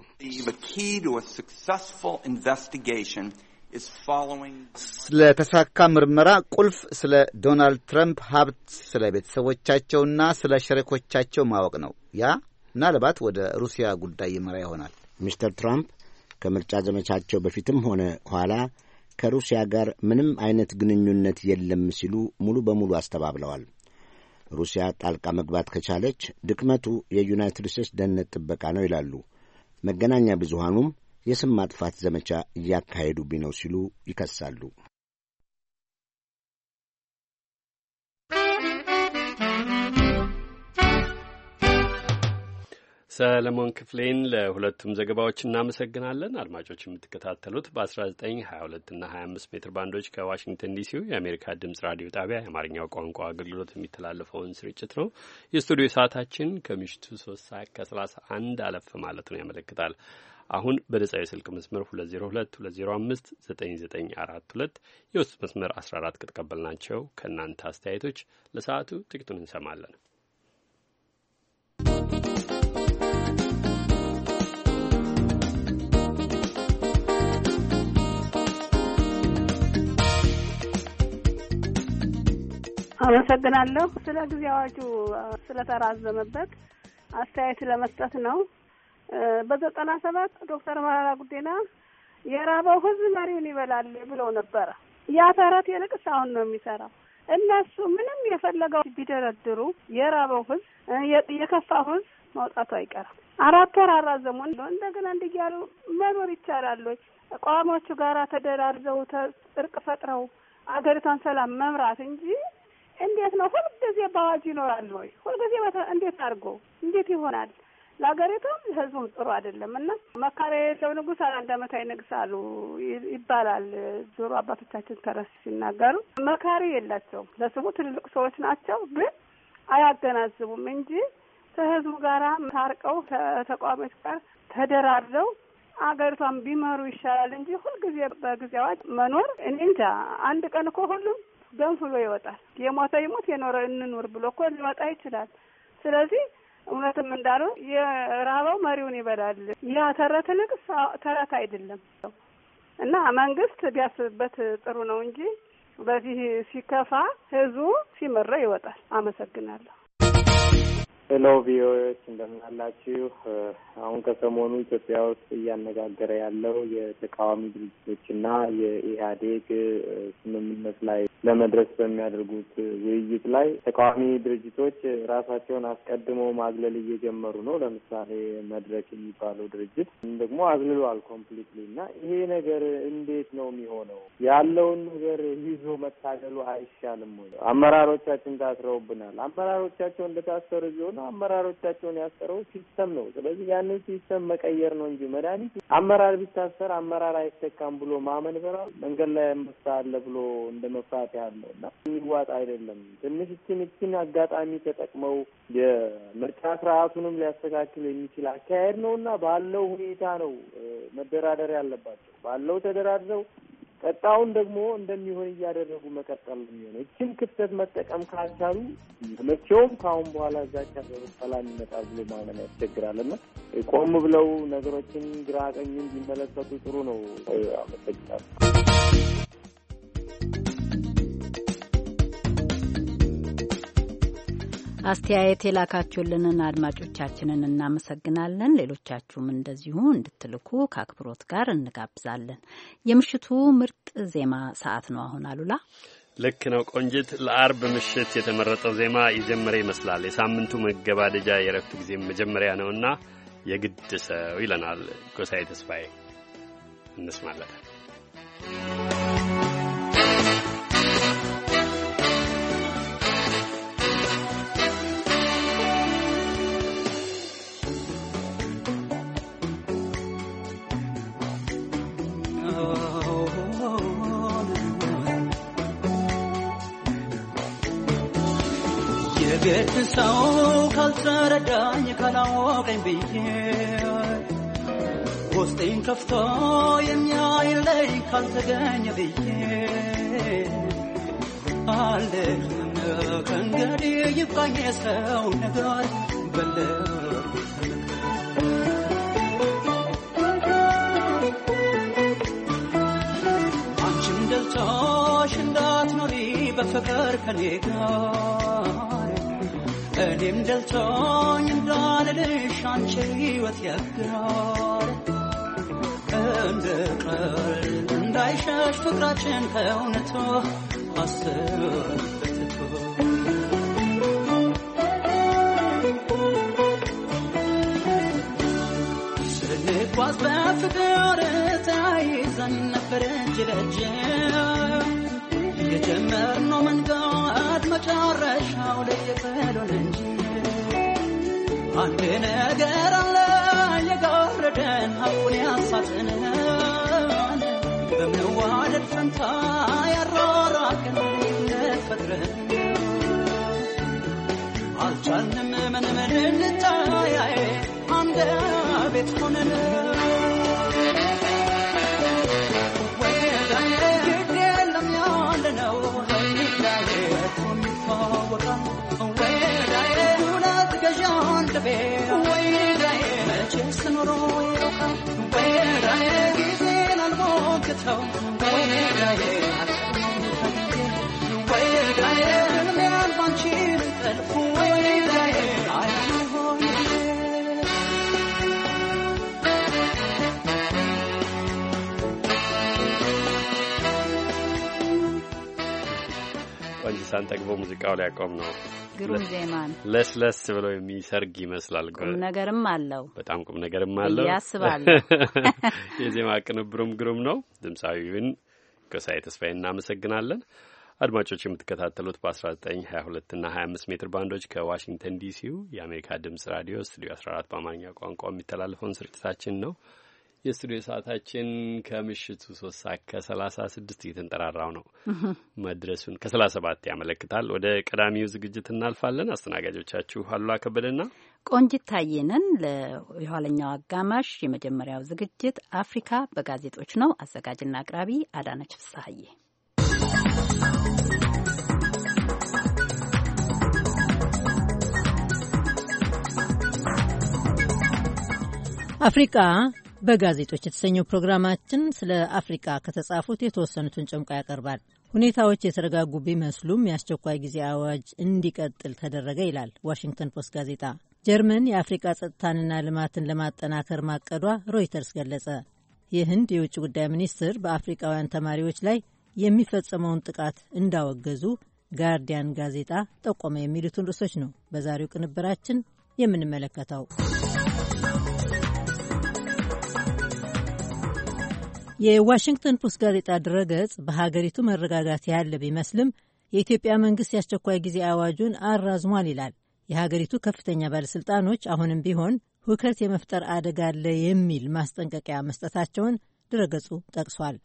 ስለተሳካ ምርመራ ቁልፍ ስለ ዶናልድ ትራምፕ ሀብት፣ ስለ ቤተሰቦቻቸውና ስለ ሸሪኮቻቸው ማወቅ ነው። ያ ምናልባት ወደ ሩሲያ ጉዳይ ይመራ ይሆናል። ሚስተር ትራምፕ ከምርጫ ዘመቻቸው በፊትም ሆነ ኋላ ከሩሲያ ጋር ምንም አይነት ግንኙነት የለም ሲሉ ሙሉ በሙሉ አስተባብለዋል። ሩሲያ ጣልቃ መግባት ከቻለች ድክመቱ የዩናይትድ ስቴትስ ደህንነት ጥበቃ ነው ይላሉ። መገናኛ ብዙሃኑም የስም ማጥፋት ዘመቻ እያካሄዱብኝ ነው ሲሉ ይከሳሉ። ሰለሞን ክፍሌን ለሁለቱም ዘገባዎች እናመሰግናለን። አድማጮች የምትከታተሉት በ1922 እና 25 ሜትር ባንዶች ከዋሽንግተን ዲሲው የአሜሪካ ድምጽ ራዲዮ ጣቢያ የአማርኛው ቋንቋ አገልግሎት የሚተላለፈውን ስርጭት ነው። የስቱዲዮ ሰዓታችን ከምሽቱ 3 ሰዓት ከ31 አለፍ ማለቱን ያመለክታል። አሁን በነጻው የስልክ መስመር 2022059942 የውስጥ መስመር 14 ከተቀበልናቸው ከእናንተ አስተያየቶች ለሰዓቱ ጥቂቱን እንሰማለን። አመሰግናለሁ። ስለ ጊዜ አዋጁ ስለተራዘመበት አስተያየት ለመስጠት ነው። በዘጠና ሰባት ዶክተር መራራ ጉዲና የራበው ህዝብ መሪውን ይበላል ብለው ነበረ። ያ ተረት የልቅስ አሁን ነው የሚሰራው። እነሱ ምንም የፈለገው ቢደረድሩ የራበው ህዝብ የከፋው ህዝብ መውጣቱ አይቀርም። አራት ወር አራዘሙ። እንደገና እንዲህ መኖር ይቻላል ወይ? ተቃዋሚዎቹ ጋር ተደራርዘው እርቅ ፈጥረው አገሪቷን ሰላም መምራት እንጂ እንዴት ነው? ሁልጊዜ በአዋጅ ይኖራል ወይ? ሁልጊዜ እንዴት አድርጎ እንዴት ይሆናል? ለሀገሪቱም ለህዝቡም ጥሩ አይደለም እና መካሪ የሌለው ንጉስ አንድ አመት አይነግሳሉ ይባላል። ዞሮ አባቶቻችን ተረስ ሲናገሩ መካሪ የላቸውም። ለስሙ ትልልቅ ሰዎች ናቸው፣ ግን አያገናዝቡም እንጂ ከህዝቡ ጋር ታርቀው ከተቋሞች ጋር ተደራድረው አገሪቷን ቢመሩ ይሻላል እንጂ ሁልጊዜ በጊዜዋ መኖር እኔ እንጃ። አንድ ቀን እኮ ሁሉም ደንፍሎ ይወጣል። የሞተ ይሞት የኖረ እንኑር ብሎ እኮ ሊወጣ ይችላል። ስለዚህ እውነትም እንዳለው የራበው መሪውን ይበላል። ያ ተረት ንቅስ ተረት አይደለም እና መንግስት ቢያስብበት ጥሩ ነው እንጂ በዚህ ሲከፋ ህዝቡ ሲመራ ይወጣል። አመሰግናለሁ። ሄሎ ቪኦኤዎች እንደምናላችሁ። አሁን ከሰሞኑ ኢትዮጵያ ውስጥ እያነጋገረ ያለው የተቃዋሚ ድርጅቶችና የኢህአዴግ ስምምነት ላይ ለመድረስ በሚያደርጉት ውይይት ላይ ተቃዋሚ ድርጅቶች ራሳቸውን አስቀድመው ማግለል እየጀመሩ ነው። ለምሳሌ መድረክ የሚባለው ድርጅት ደግሞ አግልሏል ኮምፕሊትሊ። እና ይሄ ነገር እንዴት ነው የሚሆነው? ያለውን ነገር ይዞ መታገሉ አይሻልም ወይ? አመራሮቻችን ታስረውብናል። አመራሮቻቸው እንደታሰሩ ቢሆን ነው አመራሮቻቸውን ያሰረው ሲስተም ነው። ስለዚህ ያንን ሲስተም መቀየር ነው እንጂ መድኃኒት አመራር ቢታሰር አመራር አይተካም ብሎ ማመን በራ መንገድ ላይ አንበሳ አለ ብሎ እንደ መፍራት ያለው እና የሚዋጥ አይደለም። ትንሽ እችን እችን አጋጣሚ ተጠቅመው የምርጫ ስርዓቱንም ሊያስተካክል የሚችል አካሄድ ነው እና ባለው ሁኔታ ነው መደራደር ያለባቸው ባለው ተደራድረው ቀጣውን ደግሞ እንደሚሆን እያደረጉ መቀጠል ነው የሚሆነ። ይችን ክፍተት መጠቀም ካልቻሉ መቼውም ከአሁን በኋላ እዛቻ ሀገር ሰላም ይመጣል ብሎ ማመን ያስቸግራል እና ቆም ብለው ነገሮችን ግራ ቀኙን ቢመለከቱ ጥሩ ነው። አመሰግናለሁ። አስተያየት የላካችሁልንን አድማጮቻችንን እናመሰግናለን። ሌሎቻችሁም እንደዚሁ እንድትልኩ ከአክብሮት ጋር እንጋብዛለን። የምሽቱ ምርጥ ዜማ ሰዓት ነው። አሁን አሉላ ልክ ነው ቆንጅት። ለአርብ ምሽት የተመረጠው ዜማ የጀመረ ይመስላል። የሳምንቱ መገባደጃ የእረፍት ጊዜ መጀመሪያ ነውና የግድ ሰው ይለናል ጎሳዬ ተስፋዬ እንስማለታል። ሰው ካልተረዳኝ ካላወቀኝ ብዬ ውስጤን ከፍቶ የሚያይለኝ ካልተገኘ ብዬ አለ ከእንግዲህ ይብቃኝ የሰው ነገር በለ She got no እኔም ደልቶኝ እንዳልልሽ አንቺ ሕይወት ያግራል እንድቀል እንዳይሸሽ ፍቅራችን ከእውነቱ አስብ ስንጓዝ በፍቅር ተያይዘን ነበር እጅ ለእጅ የጀመርነው መንገድ መጨረሻው ለየቀሉን እንጂ አንድ ነገር አለ የጋረደን ሀቁን ያሳጠነን በመዋደድ ፈንታ ፈጥረን አልቻልንም ምን ምን አንድ ቤት ሆነን ጠግቦ ሙዚቃው ሊያቆም ነው። ግሩም ዜማን ነው። ለስለስ ብሎ የሚሰርግ ይመስላል። ቁም ነገርም አለው፣ በጣም ቁም ነገርም አለው ያስባለሁ። የዜማ ቅንብሩም ግሩም ነው። ድምፃዊውን ጎሳዬ ተስፋዬ እናመሰግናለን። አድማጮች የምትከታተሉት በ1922 እና 25 ሜትር ባንዶች ከዋሽንግተን ዲሲው የአሜሪካ ድምጽ ራዲዮ ስቱዲዮ 14 በአማርኛ ቋንቋ የሚተላለፈውን ስርጭታችን ነው። የስቱዲዮ ሰዓታችን ከምሽቱ ሶስት ሰዓት ከሰላሳ ስድስት እየተንጠራራው ነው መድረሱን ከሰላሳ ሰባት ያመለክታል። ወደ ቀዳሚው ዝግጅት እናልፋለን። አስተናጋጆቻችሁ አሉላ ከበደና ቆንጅት ታየነን። ለኋለኛው አጋማሽ የመጀመሪያው ዝግጅት አፍሪካ በጋዜጦች ነው። አዘጋጅና አቅራቢ አዳነች ፍሳሀዬ አፍሪቃ በጋዜጦች የተሰኘው ፕሮግራማችን ስለ አፍሪቃ ከተጻፉት የተወሰኑትን ጨምቆ ያቀርባል። ሁኔታዎች የተረጋጉ ቢመስሉም የአስቸኳይ ጊዜ አዋጅ እንዲቀጥል ተደረገ ይላል ዋሽንግተን ፖስት ጋዜጣ። ጀርመን የአፍሪቃ ጸጥታንና ልማትን ለማጠናከር ማቀዷ ሮይተርስ ገለጸ። የህንድ የውጭ ጉዳይ ሚኒስትር በአፍሪቃውያን ተማሪዎች ላይ የሚፈጸመውን ጥቃት እንዳወገዙ ጋርዲያን ጋዜጣ ጠቆመ። የሚሉትን ርዕሶች ነው በዛሬው ቅንብራችን የምንመለከተው። የዋሽንግተን ፖስት ጋዜጣ ድረገጽ በሀገሪቱ መረጋጋት ያለ ቢመስልም የኢትዮጵያ መንግስት የአስቸኳይ ጊዜ አዋጁን አራዝሟል ይላል። የሀገሪቱ ከፍተኛ ባለሥልጣኖች አሁንም ቢሆን ሁከት የመፍጠር አደጋ አለ የሚል ማስጠንቀቂያ መስጠታቸውን ድረገጹ ጠቅሷል።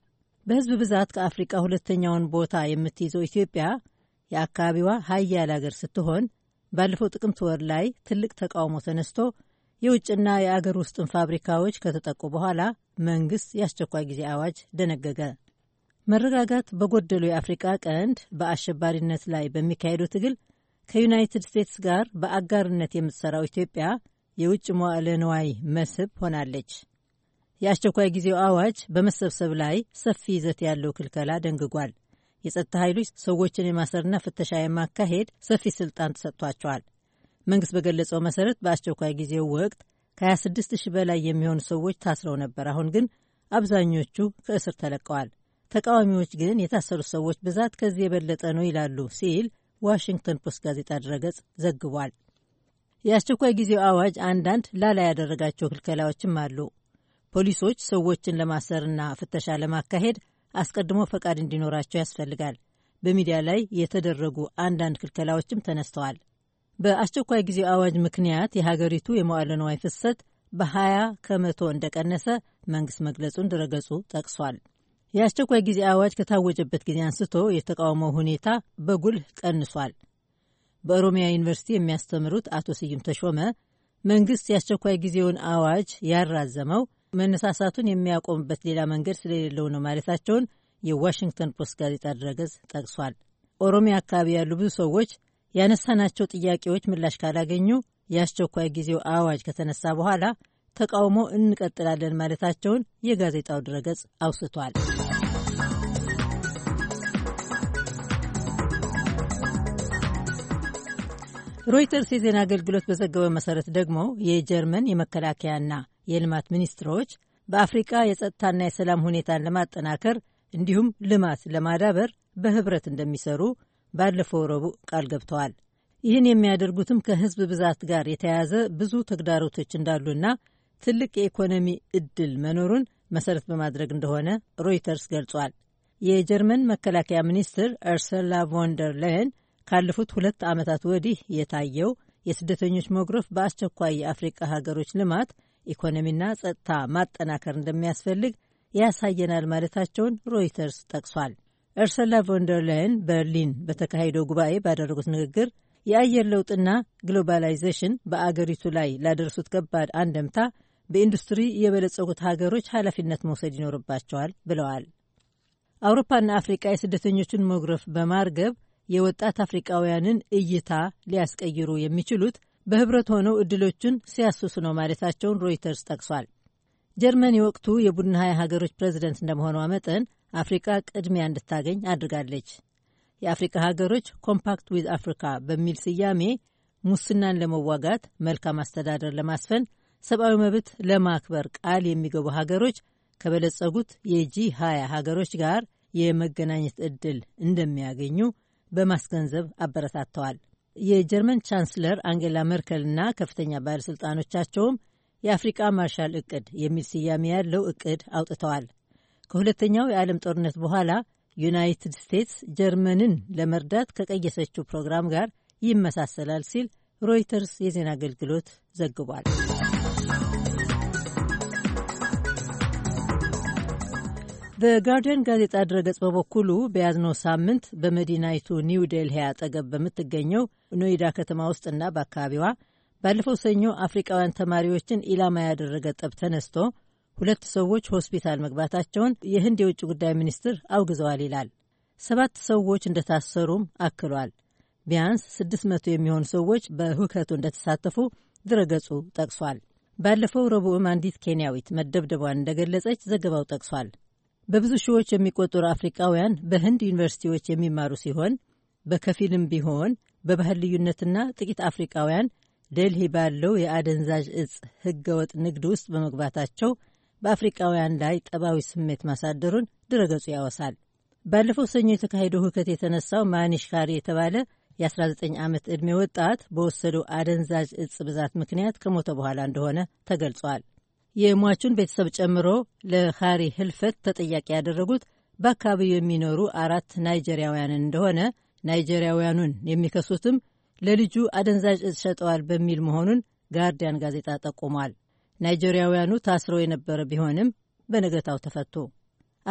በሕዝብ ብዛት ከአፍሪቃ ሁለተኛውን ቦታ የምትይዘው ኢትዮጵያ የአካባቢዋ ሀያል አገር ስትሆን ባለፈው ጥቅምት ወር ላይ ትልቅ ተቃውሞ ተነስቶ የውጭና የአገር ውስጥን ፋብሪካዎች ከተጠቁ በኋላ መንግስት የአስቸኳይ ጊዜ አዋጅ ደነገገ። መረጋጋት በጎደሉ የአፍሪቃ ቀንድ በአሸባሪነት ላይ በሚካሄደው ትግል ከዩናይትድ ስቴትስ ጋር በአጋርነት የምትሰራው ኢትዮጵያ የውጭ መዋዕለ ንዋይ መስህብ ሆናለች። የአስቸኳይ ጊዜው አዋጅ በመሰብሰብ ላይ ሰፊ ይዘት ያለው ክልከላ ደንግጓል። የጸጥታ ኃይሎች ሰዎችን የማሰርና ፍተሻ የማካሄድ ሰፊ ስልጣን ተሰጥቷቸዋል። መንግስት በገለጸው መሰረት በአስቸኳይ ጊዜው ወቅት ከ26 ሺህ በላይ የሚሆኑ ሰዎች ታስረው ነበር። አሁን ግን አብዛኞቹ ከእስር ተለቀዋል። ተቃዋሚዎች ግን የታሰሩት ሰዎች ብዛት ከዚህ የበለጠ ነው ይላሉ ሲል ዋሽንግተን ፖስት ጋዜጣ ድረገጽ ዘግቧል። የአስቸኳይ ጊዜው አዋጅ አንዳንድ ላላ ያደረጋቸው ክልከላዎችም አሉ። ፖሊሶች ሰዎችን ለማሰርና ፍተሻ ለማካሄድ አስቀድሞ ፈቃድ እንዲኖራቸው ያስፈልጋል። በሚዲያ ላይ የተደረጉ አንዳንድ ክልከላዎችም ተነስተዋል። በአስቸኳይ ጊዜ አዋጅ ምክንያት የሀገሪቱ የመዋለ ንዋይ ፍሰት በ20 ከመቶ እንደቀነሰ መንግስት መግለጹን ድረገጹ ጠቅሷል። የአስቸኳይ ጊዜ አዋጅ ከታወጀበት ጊዜ አንስቶ የተቃውሞ ሁኔታ በጉልህ ቀንሷል። በኦሮሚያ ዩኒቨርሲቲ የሚያስተምሩት አቶ ስዩም ተሾመ መንግስት የአስቸኳይ ጊዜውን አዋጅ ያራዘመው መነሳሳቱን የሚያቆምበት ሌላ መንገድ ስለሌለው ነው ማለታቸውን የዋሽንግተን ፖስት ጋዜጣ ድረገጽ ጠቅሷል። ኦሮሚያ አካባቢ ያሉ ብዙ ሰዎች ያነሳናቸው ጥያቄዎች ምላሽ ካላገኙ የአስቸኳይ ጊዜው አዋጅ ከተነሳ በኋላ ተቃውሞ እንቀጥላለን ማለታቸውን የጋዜጣው ድረገጽ አውስቷል። ሮይተርስ የዜና አገልግሎት በዘገበው መሰረት ደግሞ የጀርመን የመከላከያና የልማት ሚኒስትሮች በአፍሪቃ የጸጥታና የሰላም ሁኔታን ለማጠናከር እንዲሁም ልማት ለማዳበር በህብረት እንደሚሰሩ ባለፈው ረቡዕ ቃል ገብተዋል። ይህን የሚያደርጉትም ከህዝብ ብዛት ጋር የተያያዘ ብዙ ተግዳሮቶች እንዳሉና ትልቅ የኢኮኖሚ እድል መኖሩን መሰረት በማድረግ እንደሆነ ሮይተርስ ገልጿል። የጀርመን መከላከያ ሚኒስትር እርሰላ ቮንደር ላየን ካለፉት ሁለት ዓመታት ወዲህ የታየው የስደተኞች መጉረፍ በአስቸኳይ የአፍሪቃ ሀገሮች ልማት፣ ኢኮኖሚና ጸጥታ ማጠናከር እንደሚያስፈልግ ያሳየናል ማለታቸውን ሮይተርስ ጠቅሷል። እርሰላ ቮንደርላይን በርሊን በተካሄደው ጉባኤ ባደረጉት ንግግር የአየር ለውጥና ግሎባላይዜሽን በአገሪቱ ላይ ላደረሱት ከባድ አንደምታ በኢንዱስትሪ የበለጸጉት ሀገሮች ኃላፊነት መውሰድ ይኖርባቸዋል ብለዋል። አውሮፓና አፍሪቃ የስደተኞችን መጉረፍ በማርገብ የወጣት አፍሪቃውያንን እይታ ሊያስቀይሩ የሚችሉት በህብረት ሆነው እድሎችን ሲያስሱ ነው ማለታቸውን ሮይተርስ ጠቅሷል። ጀርመን የወቅቱ የቡድን ሀያ ሀገሮች ፕሬዚደንት እንደመሆኗ መጠን አፍሪቃ ቅድሚያ እንድታገኝ አድርጋለች። የአፍሪካ ሀገሮች ኮምፓክት ዊዝ አፍሪካ በሚል ስያሜ ሙስናን ለመዋጋት፣ መልካም አስተዳደር ለማስፈን፣ ሰብአዊ መብት ለማክበር ቃል የሚገቡ ሀገሮች ከበለጸጉት የጂ ሀያ ሀገሮች ጋር የመገናኘት ዕድል እንደሚያገኙ በማስገንዘብ አበረታተዋል። የጀርመን ቻንስለር አንጌላ መርከልና ከፍተኛ ባለሥልጣኖቻቸውም የአፍሪቃ ማርሻል እቅድ የሚል ስያሜ ያለው እቅድ አውጥተዋል። ከሁለተኛው የዓለም ጦርነት በኋላ ዩናይትድ ስቴትስ ጀርመንን ለመርዳት ከቀየሰችው ፕሮግራም ጋር ይመሳሰላል ሲል ሮይተርስ የዜና አገልግሎት ዘግቧል። በጋርዲያን ጋዜጣ ድረገጽ በበኩሉ በያዝነው ሳምንት በመዲናይቱ ኒው ዴልሂ አጠገብ በምትገኘው ኖይዳ ከተማ ውስጥና በአካባቢዋ ባለፈው ሰኞ አፍሪቃውያን ተማሪዎችን ኢላማ ያደረገ ጠብ ተነስቶ ሁለት ሰዎች ሆስፒታል መግባታቸውን የህንድ የውጭ ጉዳይ ሚኒስትር አውግዘዋል ይላል። ሰባት ሰዎች እንደታሰሩም አክሏል። ቢያንስ መቶ የሚሆኑ ሰዎች በሁከቱ እንደተሳተፉ ድረገጹ ጠቅሷል። ባለፈው ረቡዕም አንዲት ኬንያዊት መደብደቧን እንደገለጸች ዘገባው ጠቅሷል። በብዙ ሺዎች የሚቆጠሩ አፍሪቃውያን በህንድ ዩኒቨርሲቲዎች የሚማሩ ሲሆን በከፊልም ቢሆን በባህል ልዩነትና ጥቂት አፍሪቃውያን ደልሂ ባለው የአደንዛዥ እጽ ህገወጥ ንግድ ውስጥ በመግባታቸው በአፍሪቃውያን ላይ ጠባዊ ስሜት ማሳደሩን ድረገጹ ያወሳል። ባለፈው ሰኞ የተካሄደው ሁከት የተነሳው ማኒሽ ካሪ የተባለ የ19 ዓመት ዕድሜ ወጣት በወሰደው አደንዛዥ እጽ ብዛት ምክንያት ከሞተ በኋላ እንደሆነ ተገልጿል። የሟቹን ቤተሰብ ጨምሮ ለካሪ ህልፈት ተጠያቂ ያደረጉት በአካባቢው የሚኖሩ አራት ናይጀሪያውያንን እንደሆነ ናይጀሪያውያኑን የሚከሱትም ለልጁ አደንዛዥ እጽ ሸጠዋል በሚል መሆኑን ጋርዲያን ጋዜጣ ጠቁሟል። ናይጄሪያውያኑ ታስረው የነበረ ቢሆንም በነገታው ተፈቱ።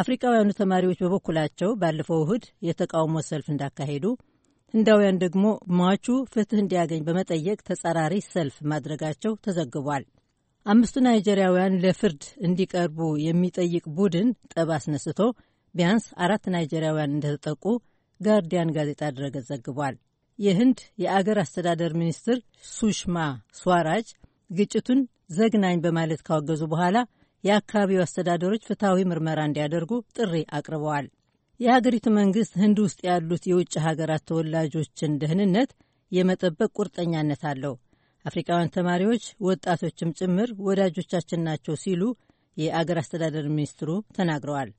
አፍሪካውያኑ ተማሪዎች በበኩላቸው ባለፈው እሁድ የተቃውሞ ሰልፍ እንዳካሄዱ፣ ህንዳውያን ደግሞ ሟቹ ፍትህ እንዲያገኝ በመጠየቅ ተጻራሪ ሰልፍ ማድረጋቸው ተዘግቧል። አምስቱ ናይጄሪያውያን ለፍርድ እንዲቀርቡ የሚጠይቅ ቡድን ጠብ አስነስቶ ቢያንስ አራት ናይጄሪያውያን እንደተጠቁ ጋርዲያን ጋዜጣ ድረገጽ ዘግቧል። የህንድ የአገር አስተዳደር ሚኒስትር ሱሽማ ስዋራጅ ግጭቱን ዘግናኝ በማለት ካወገዙ በኋላ የአካባቢው አስተዳደሮች ፍትሐዊ ምርመራ እንዲያደርጉ ጥሪ አቅርበዋል። የሀገሪቱ መንግስት ህንድ ውስጥ ያሉት የውጭ ሀገራት ተወላጆችን ደህንነት የመጠበቅ ቁርጠኛነት አለው። አፍሪካውያን ተማሪዎች፣ ወጣቶችም ጭምር ወዳጆቻችን ናቸው ሲሉ የአገር አስተዳደር ሚኒስትሩ ተናግረዋል።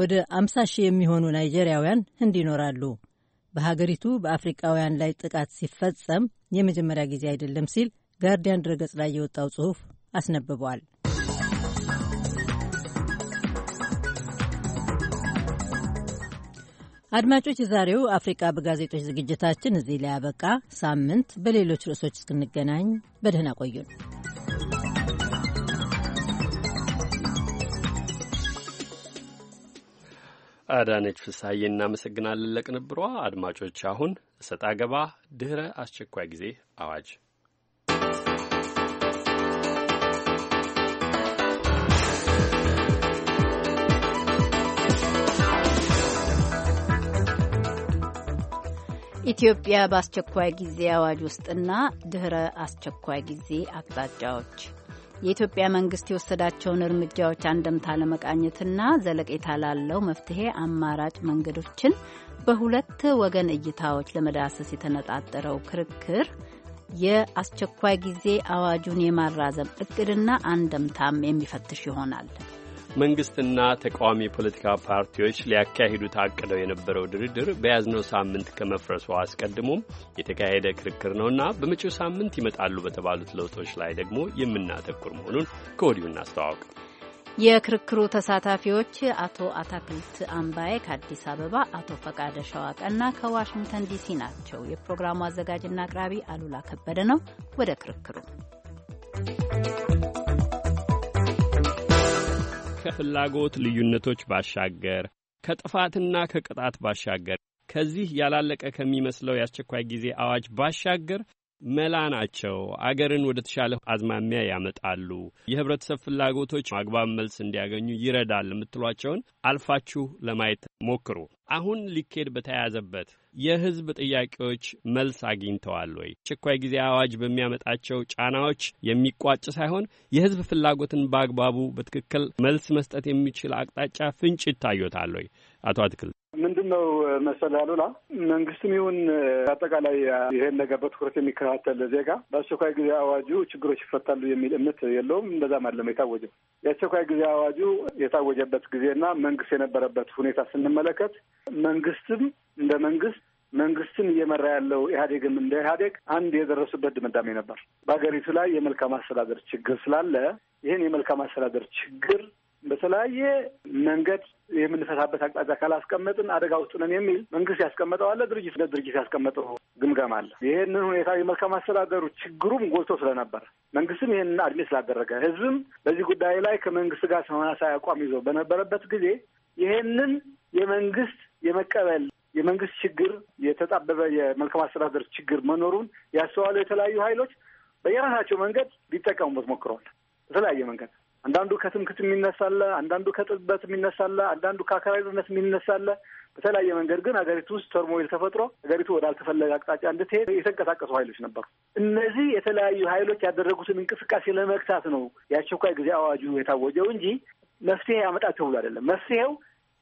ወደ አምሳ ሺህ የሚሆኑ ናይጄሪያውያን ህንድ ይኖራሉ። በሀገሪቱ በአፍሪቃውያን ላይ ጥቃት ሲፈጸም የመጀመሪያ ጊዜ አይደለም ሲል ጋርዲያን ድረገጽ ላይ የወጣው ጽሑፍ አስነብቧል። አድማጮች፣ የዛሬው አፍሪቃ በጋዜጦች ዝግጅታችን እዚህ ላይ ያበቃ። ሳምንት በሌሎች ርዕሶች እስክንገናኝ በደህና ቆዩን። አዳነች ፍሳሐዬ እናመሰግናለን ለቅንብሯ። አድማጮች አሁን እሰጥ አገባ ድህረ አስቸኳይ ጊዜ አዋጅ ኢትዮጵያ በአስቸኳይ ጊዜ አዋጅ ውስጥና ድህረ አስቸኳይ ጊዜ አቅጣጫዎች የኢትዮጵያ መንግስት የወሰዳቸውን እርምጃዎች አንደምታ ለመቃኘትና ዘለቄታ ላለው መፍትሄ አማራጭ መንገዶችን በሁለት ወገን እይታዎች ለመዳሰስ የተነጣጠረው ክርክር የአስቸኳይ ጊዜ አዋጁን የማራዘም እቅድና አንደምታም የሚፈትሽ ይሆናል። መንግስትና ተቃዋሚ የፖለቲካ ፓርቲዎች ሊያካሂዱት አቅደው የነበረው ድርድር በያዝነው ሳምንት ከመፍረሱ አስቀድሞም የተካሄደ ክርክር ነውና በመጪው ሳምንት ይመጣሉ በተባሉት ለውጦች ላይ ደግሞ የምናተኩር መሆኑን ከወዲሁ እናስተዋውቅ። የክርክሩ ተሳታፊዎች አቶ አታክልት አምባዬ ከአዲስ አበባ፣ አቶ ፈቃደ ሸዋቀና ከዋሽንግተን ዲሲ ናቸው። የፕሮግራሙ አዘጋጅና አቅራቢ አሉላ ከበደ ነው። ወደ ክርክሩ ከፍላጎት ልዩነቶች ባሻገር ከጥፋትና ከቅጣት ባሻገር ከዚህ ያላለቀ ከሚመስለው የአስቸኳይ ጊዜ አዋጅ ባሻገር መላ ናቸው። አገርን ወደ ተሻለ አዝማሚያ ያመጣሉ። የህብረተሰብ ፍላጎቶች አግባብ መልስ እንዲያገኙ ይረዳል የምትሏቸውን አልፋችሁ ለማየት ሞክሩ። አሁን ሊኬድ በተያያዘበት የህዝብ ጥያቄዎች መልስ አግኝተዋል ወይ? አስቸኳይ ጊዜ አዋጅ በሚያመጣቸው ጫናዎች የሚቋጭ ሳይሆን የህዝብ ፍላጎትን በአግባቡ በትክክል መልስ መስጠት የሚችል አቅጣጫ ፍንጭ ይታዮታል ወይ? አቶ አትክልት ምንድን ነው መሰለህ አሉላ፣ መንግስትም ይሁን አጠቃላይ ይሄን ነገር በትኩረት የሚከታተል ዜጋ በአስቸኳይ ጊዜ አዋጁ ችግሮች ይፈታሉ የሚል እምነት የለውም። እንደዛም አለም የታወጀው የአስቸኳይ ጊዜ አዋጁ የታወጀበት ጊዜና መንግስት የነበረበት ሁኔታ ስንመለከት መንግስትም እንደ መንግስት መንግስትን እየመራ ያለው ኢህአዴግም እንደ ኢህአዴግ አንድ የደረሱበት ድምዳሜ ነበር። በሀገሪቱ ላይ የመልካም አስተዳደር ችግር ስላለ ይህን የመልካም አስተዳደር ችግር በተለያየ መንገድ የምንፈታበት አቅጣጫ ካላስቀመጥን አደጋ ውስጥ ነን የሚል መንግስት ያስቀመጠው አለ፣ ድርጅት ድርጅት ያስቀመጠው ግምገማ አለ። ይህንን ሁኔታ የመልካም አስተዳደሩ ችግሩም ጎልቶ ስለነበረ መንግስትም ይህንን አድሜ ስላደረገ ህዝብም በዚህ ጉዳይ ላይ ከመንግስት ጋር ተመሳሳይ አቋም ይዞ በነበረበት ጊዜ ይህንን የመንግስት የመቀበል የመንግስት ችግር የተጣበበ የመልካም አስተዳደር ችግር መኖሩን ያስተዋሉ የተለያዩ ኃይሎች በየራሳቸው መንገድ ሊጠቀሙበት ሞክረዋል። በተለያየ መንገድ አንዳንዱ ከትምክት የሚነሳለ፣ አንዳንዱ ከጥበት የሚነሳለ፣ አንዳንዱ ከአከራሪነት የሚነሳለ። በተለያየ መንገድ ግን ሀገሪቱ ውስጥ ተርሞይል ተፈጥሮ ሀገሪቱ ወዳልተፈለገ አቅጣጫ እንድትሄድ የተንቀሳቀሱ ኃይሎች ነበሩ። እነዚህ የተለያዩ ኃይሎች ያደረጉትን እንቅስቃሴ ለመግታት ነው የአስቸኳይ ጊዜ አዋጁ የታወጀው እንጂ መፍትሄ ያመጣል ተብሎ አይደለም። መፍትሄው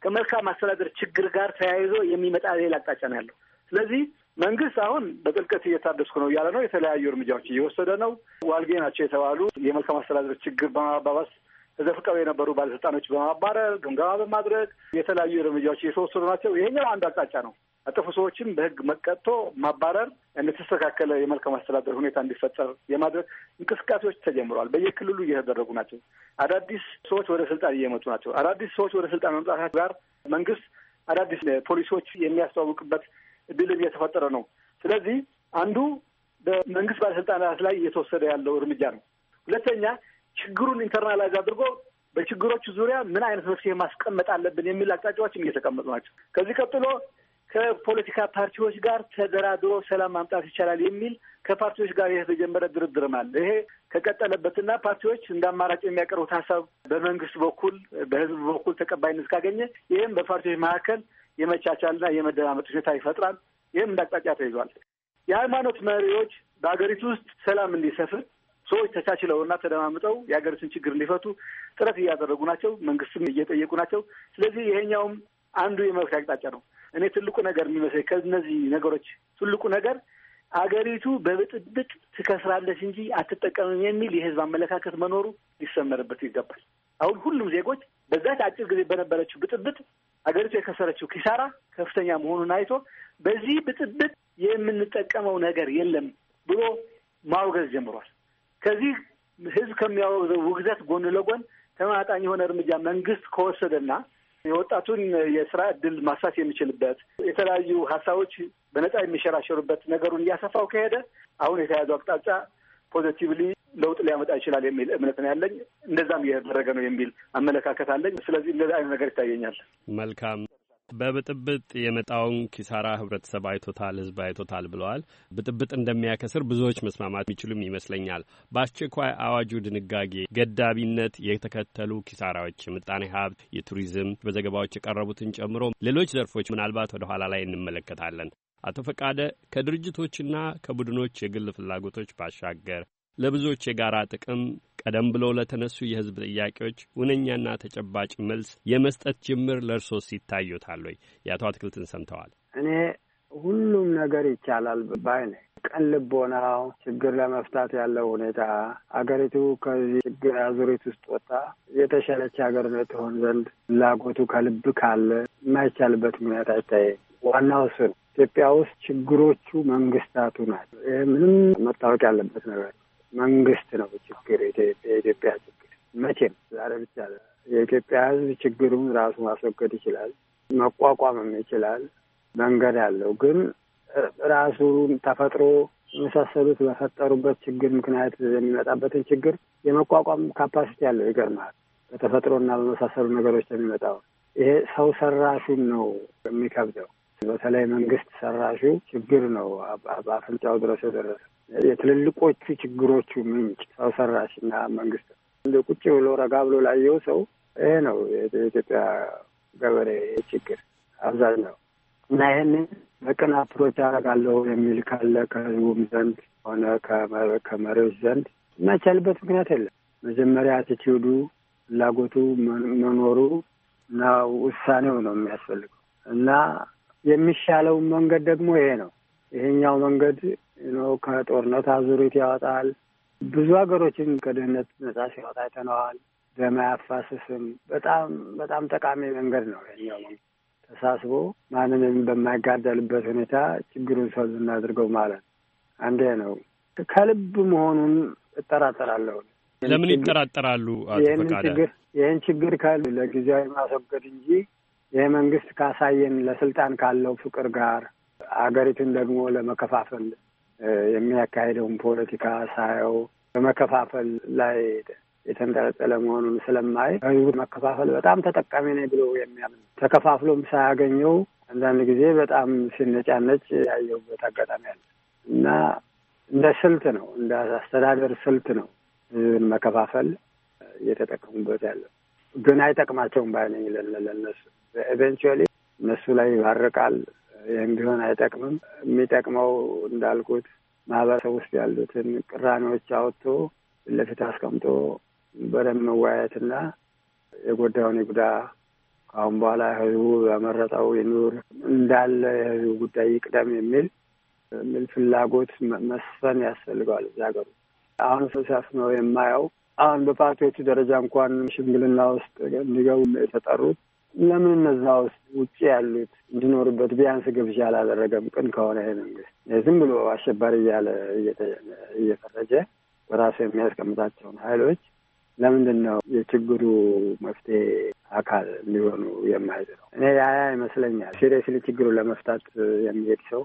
ከመልካም አስተዳደር ችግር ጋር ተያይዞ የሚመጣ ሌላ አቅጣጫ ነው ያለው። ስለዚህ መንግስት አሁን በጥልቀት እየታደስኩ ነው እያለ ነው። የተለያዩ እርምጃዎች እየወሰደ ነው። ዋልጌ ናቸው የተባሉ የመልካም አስተዳደር ችግር በማባባስ ተዘፍቀው የነበሩ ባለስልጣኖች በማባረር ግምገማ በማድረግ የተለያዩ እርምጃዎች እየተወሰዱ ናቸው። ይሄኛው አንድ አቅጣጫ ነው። አጥፉ ሰዎችን በህግ መቀጥቶ ማባረር፣ እንደተስተካከለ የመልካም አስተዳደር ሁኔታ እንዲፈጠር የማድረግ እንቅስቃሴዎች ተጀምረዋል። በየክልሉ እየተደረጉ ናቸው። አዳዲስ ሰዎች ወደ ስልጣን እየመጡ ናቸው። አዳዲስ ሰዎች ወደ ስልጣን መምጣታቸው ጋር መንግስት አዳዲስ ፖሊሶች የሚያስተዋውቅበት እድል እየተፈጠረ ነው። ስለዚህ አንዱ በመንግስት ባለስልጣናት ላይ እየተወሰደ ያለው እርምጃ ነው። ሁለተኛ ችግሩን ኢንተርናላይዝ አድርጎ በችግሮቹ ዙሪያ ምን አይነት መፍትሄ ማስቀመጥ አለብን የሚል አቅጣጫዎችም እየተቀመጡ ናቸው። ከዚህ ቀጥሎ ከፖለቲካ ፓርቲዎች ጋር ተደራድሮ ሰላም ማምጣት ይቻላል የሚል ከፓርቲዎች ጋር የተጀመረ ድርድርም አለ። ይሄ ከቀጠለበትና ፓርቲዎች እንደ አማራጭ የሚያቀርቡት ሀሳብ በመንግስት በኩል በህዝብ በኩል ተቀባይነት ካገኘ ይህም በፓርቲዎች መካከል የመቻቻልና የመደማመጥ ሁኔታ ይፈጥራል። ይህም እንደ አቅጣጫ ተይዟል። የሃይማኖት መሪዎች በሀገሪቱ ውስጥ ሰላም እንዲሰፍን ሰዎች ተቻችለውና ተደማምጠው የሀገሪቱን ችግር እንዲፈቱ ጥረት እያደረጉ ናቸው። መንግስትም እየጠየቁ ናቸው። ስለዚህ ይሄኛውም አንዱ የመፍትሄ አቅጣጫ ነው። እኔ ትልቁ ነገር የሚመስለኝ ከእነዚህ ነገሮች ትልቁ ነገር አገሪቱ በብጥብጥ ትከስራለች እንጂ አትጠቀምም የሚል የህዝብ አመለካከት መኖሩ ሊሰመርበት ይገባል። አሁን ሁሉም ዜጎች በዛች አጭር ጊዜ በነበረችው ብጥብጥ አገሪቱ የከሰረችው ኪሳራ ከፍተኛ መሆኑን አይቶ በዚህ ብጥብጥ የምንጠቀመው ነገር የለም ብሎ ማውገዝ ጀምሯል። ከዚህ ህዝብ ከሚያወግዘው ውግዘት ጎን ለጎን ተመጣጣኝ የሆነ እርምጃ መንግስት ከወሰደና የወጣቱን የስራ እድል ማስፋት የሚችልበት የተለያዩ ሀሳቦች በነጻ የሚሸራሸሩበት ነገሩን እያሰፋው ከሄደ አሁን የተያዘው አቅጣጫ ፖዘቲቭሊ ለውጥ ሊያመጣ ይችላል የሚል እምነት ነው ያለኝ። እንደዛም እየተደረገ ነው የሚል አመለካከት አለኝ። ስለዚህ እንደዚህ አይነት ነገር ይታየኛል። መልካም በብጥብጥ የመጣውን ኪሳራ ህብረተሰብ አይቶታል፣ ህዝብ አይቶታል ብለዋል። ብጥብጥ እንደሚያከስር ብዙዎች መስማማት የሚችሉም ይመስለኛል። በአስቸኳይ አዋጁ ድንጋጌ ገዳቢነት የተከተሉ ኪሳራዎች የምጣኔ ሀብት፣ የቱሪዝም በዘገባዎች የቀረቡትን ጨምሮ ሌሎች ዘርፎች ምናልባት ወደ ኋላ ላይ እንመለከታለን። አቶ ፈቃደ ከድርጅቶችና ከቡድኖች የግል ፍላጎቶች ባሻገር ለብዙዎች የጋራ ጥቅም ቀደም ብሎ ለተነሱ የህዝብ ጥያቄዎች ውነኛና ተጨባጭ መልስ የመስጠት ጅምር ለእርሶስ ይታዩታል ወይ? የአቶ አትክልትን ሰምተዋል። እኔ ሁሉም ነገር ይቻላል ባይ ነኝ። ቀን ልቦናው፣ ችግር ለመፍታት ያለው ሁኔታ አገሪቱ ከዚህ ችግር አዙሪት ውስጥ ወጣ የተሻለች ሀገር ትሆን ዘንድ ፍላጎቱ ከልብ ካለ የማይቻልበት ምክንያት አይታይም። ዋናው እሱ ነው። ኢትዮጵያ ውስጥ ችግሮቹ መንግስታቱ ናቸው። ይህ ምንም መታወቅ ያለበት ነገር መንግስት ነው ችግር የኢትዮጵያ ችግር። መቼም ዛሬ ብቻ የኢትዮጵያ ህዝብ ችግሩን ራሱ ማስወገድ ይችላል፣ መቋቋምም ይችላል። መንገድ አለው። ግን ራሱን ተፈጥሮ የመሳሰሉት በፈጠሩበት ችግር ምክንያት የሚመጣበትን ችግር የመቋቋም ካፓሲቲ ያለው ይገርማል። በተፈጥሮና በመሳሰሉ ነገሮች የሚመጣው ይሄ ሰው ሰራሹን ነው የሚከብደው። በተለይ መንግስት ሰራሹ ችግር ነው በአፍንጫው ድረስ የደረሰው። የትልልቆቹ ችግሮቹ ምንጭ ሰው ሰራሽና መንግስት እንደ ቁጭ ብሎ ረጋ ብሎ ላየው ሰው ይሄ ነው የኢትዮጵያ ገበሬ ችግር አብዛኛው እና ይህን በቅን አፕሮች አደርጋለሁ የሚል ካለ ከህዝቡም ዘንድ ሆነ ከመሪዎች ዘንድ የማይቻልበት ምክንያት የለም። መጀመሪያ አትቲዩዱ ፍላጎቱ መኖሩ እና ውሳኔው ነው የሚያስፈልገው እና የሚሻለው መንገድ ደግሞ ይሄ ነው። ይሄኛው መንገድ ከጦርነት አዙሪት ያወጣል። ብዙ ሀገሮችን ከድህነት ነጻ ሲያወጣ አይተነዋል። ደም አያፋስስም። በጣም በጣም ጠቃሚ መንገድ ነው። የኛው ተሳስቦ ማንንም በማይጋደልበት ሁኔታ ችግሩን ሰሉ እናድርገው ማለት አንዴ ነው። ከልብ መሆኑን እጠራጠራለሁ። ለምን ይጠራጠራሉ? ይህን ችግር ይህን ችግር ከል ለጊዜያዊ ማስወገድ እንጂ ይህ መንግስት ካሳየን ለስልጣን ካለው ፍቅር ጋር አገሪቱን ደግሞ ለመከፋፈል የሚያካሄደውን ፖለቲካ ሳየው በመከፋፈል ላይ የተንጠለጠለ መሆኑን ስለማይ ህዝቡ መከፋፈል በጣም ተጠቃሚ ነኝ ብሎ የሚያምን ተከፋፍሎም ሳያገኘው አንዳንድ ጊዜ በጣም ሲነጫነጭ ያየሁበት አጋጣሚ አለ እና እንደ ስልት ነው፣ እንደ አስተዳደር ስልት ነው ህዝብን መከፋፈል እየተጠቀሙበት ያለው። ግን አይጠቅማቸውም ባይነኝ ለነሱ ኢቨንቹዋሊ እነሱ ላይ ይባርቃል። ይህም ቢሆን አይጠቅምም። የሚጠቅመው እንዳልኩት ማህበረሰብ ውስጥ ያሉትን ቅራኔዎች አውጥቶ ለፊት አስቀምጦ በደንብ መወያየትና የጎዳውን ይጉዳ፣ ከአሁን በኋላ ህዝቡ በመረጠው ይኑር፣ እንዳለ የህዝቡ ጉዳይ ይቅደም የሚል የሚል ፍላጎት መስፈን ያስፈልገዋል። እዚ ሀገሩ አሁን ነው የማየው አሁን በፓርቲዎቹ ደረጃ እንኳን ሽምግልና ውስጥ እንዲገቡ የተጠሩት ለምን እነዛ ውስጥ ውጭ ያሉት እንዲኖሩበት ቢያንስ ግብዣ አላደረገም? ቅን ከሆነ ይሄ መንግስት ዝም ብሎ አሸባሪ እያለ እየፈረጀ በራሱ የሚያስቀምጣቸውን ሀይሎች ለምንድን ነው የችግሩ መፍትሄ አካል እንዲሆኑ የማይዝ ነው? እኔ ያ ይመስለኛል። ሲሪየስሊ ችግሩ ለመፍታት የሚሄድ ሰው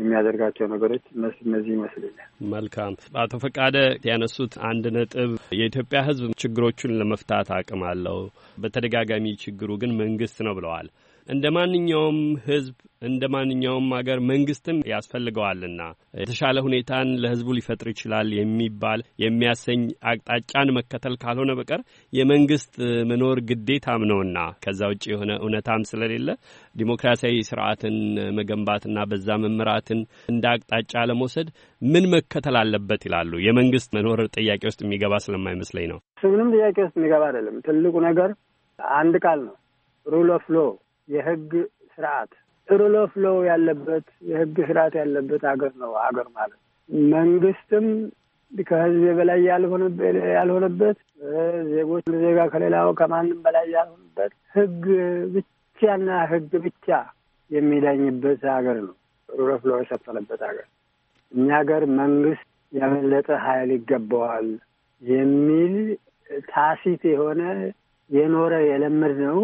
የሚያደርጋቸው ነገሮች እነዚህ ይመስልኛል። መልካም አቶ ፈቃደ ያነሱት አንድ ነጥብ የኢትዮጵያ ሕዝብ ችግሮቹን ለመፍታት አቅም አለው፣ በተደጋጋሚ ችግሩ ግን መንግስት ነው ብለዋል። እንደ ማንኛውም ህዝብ እንደ ማንኛውም አገር መንግስትም ያስፈልገዋልና የተሻለ ሁኔታን ለህዝቡ ሊፈጥር ይችላል የሚባል የሚያሰኝ አቅጣጫን መከተል ካልሆነ በቀር የመንግስት መኖር ግዴታም ነውና ከዛ ውጭ የሆነ እውነታም ስለሌለ ዲሞክራሲያዊ ስርዓትን መገንባትና በዛ መምራትን እንደ አቅጣጫ ለመውሰድ ምን መከተል አለበት ይላሉ። የመንግስት መኖር ጥያቄ ውስጥ የሚገባ ስለማይመስለኝ ነው። ምንም ጥያቄ ውስጥ የሚገባ አይደለም። ትልቁ ነገር አንድ ቃል ነው፣ ሩል ኦፍ ሎ የህግ ስርዓት ሩሎፍ ሎው ያለበት የህግ ስርዓት ያለበት አገር ነው አገር ማለት መንግስትም ከህዝብ በላይ ያልሆነበት ዜጎች ዜጋ ከሌላው ከማንም በላይ ያልሆነበት ህግ ብቻና ህግ ብቻ የሚዳኝበት ሀገር ነው። ሩረፍ ሎ የሰፈነበት ሀገር እኛ ሀገር መንግስት ያመለጠ ሀይል ይገባዋል የሚል ታሲት የሆነ የኖረ የለመድ ነው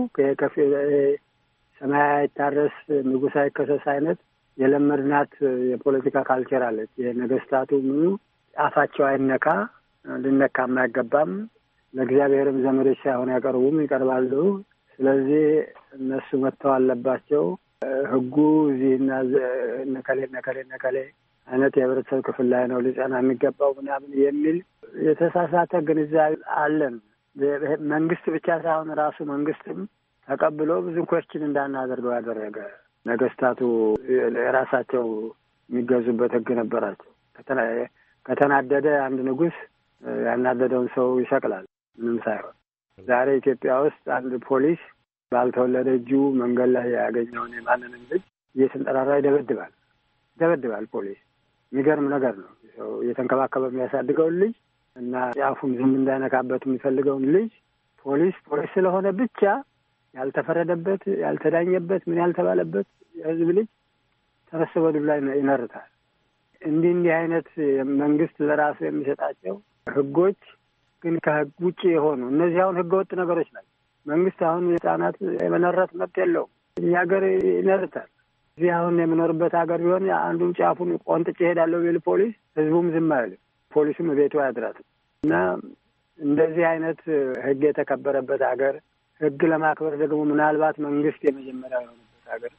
ሰማይ አይታረስ ንጉሥ አይከሰስ አይነት የለመድናት የፖለቲካ ካልቸር አለች። የነገስታቱ ምኑ አፋቸው አይነካ፣ ልነካም አይገባም፣ ለእግዚአብሔርም ዘመዶች ሳይሆን ያቀርቡም ይቀርባሉ። ስለዚህ እነሱ መጥተው አለባቸው ህጉ እዚህና ነከሌ ነከሌ ነከሌ አይነት የህብረተሰብ ክፍል ላይ ነው ሊጸና የሚገባው ምናምን የሚል የተሳሳተ ግንዛቤ አለን። መንግስት ብቻ ሳይሆን ራሱ መንግስትም ተቀብሎ ብዙ ኮስችን እንዳናደርገው ያደረገ ነገስታቱ የራሳቸው የሚገዙበት ህግ ነበራቸው። ከተናደደ አንድ ንጉስ ያናደደውን ሰው ይሰቅላል ምንም ሳይሆን። ዛሬ ኢትዮጵያ ውስጥ አንድ ፖሊስ ባልተወለደ እጁ መንገድ ላይ ያገኘውን የማንንም ልጅ እየተንጠራራ ይደበድባል ይደበድባል ፖሊስ። የሚገርም ነገር ነው። ሰው እየተንከባከበ የሚያሳድገውን ልጅ እና የአፉም ዝም እንዳይነካበት የሚፈልገውን ልጅ ፖሊስ ፖሊስ ስለሆነ ብቻ ያልተፈረደበት ያልተዳኘበት ምን ያልተባለበት ህዝብ ልጅ ተበስበ ዱላ ይመርታል። እንዲህ እንዲህ አይነት መንግስት ለራሱ የሚሰጣቸው ህጎች ግን ከህግ ውጭ የሆኑ እነዚህ አሁን ህገወጥ ነገሮች ናቸው። መንግስት አሁን ህጻናት የመነረት መብት የለውም። እኛ ሀገር ይነርታል። እዚህ አሁን የምኖርበት ሀገር ቢሆን አንዱን ጫፉን ቆንጥጭ ይሄዳለሁ ቢል ፖሊስ ህዝቡም ዝም አይልም። ፖሊሱም ቤቱ አያድራትም እና እንደዚህ አይነት ህግ የተከበረበት ሀገር ህግ ለማክበር ደግሞ ምናልባት መንግስት የመጀመሪያ የሆነበት ሀገር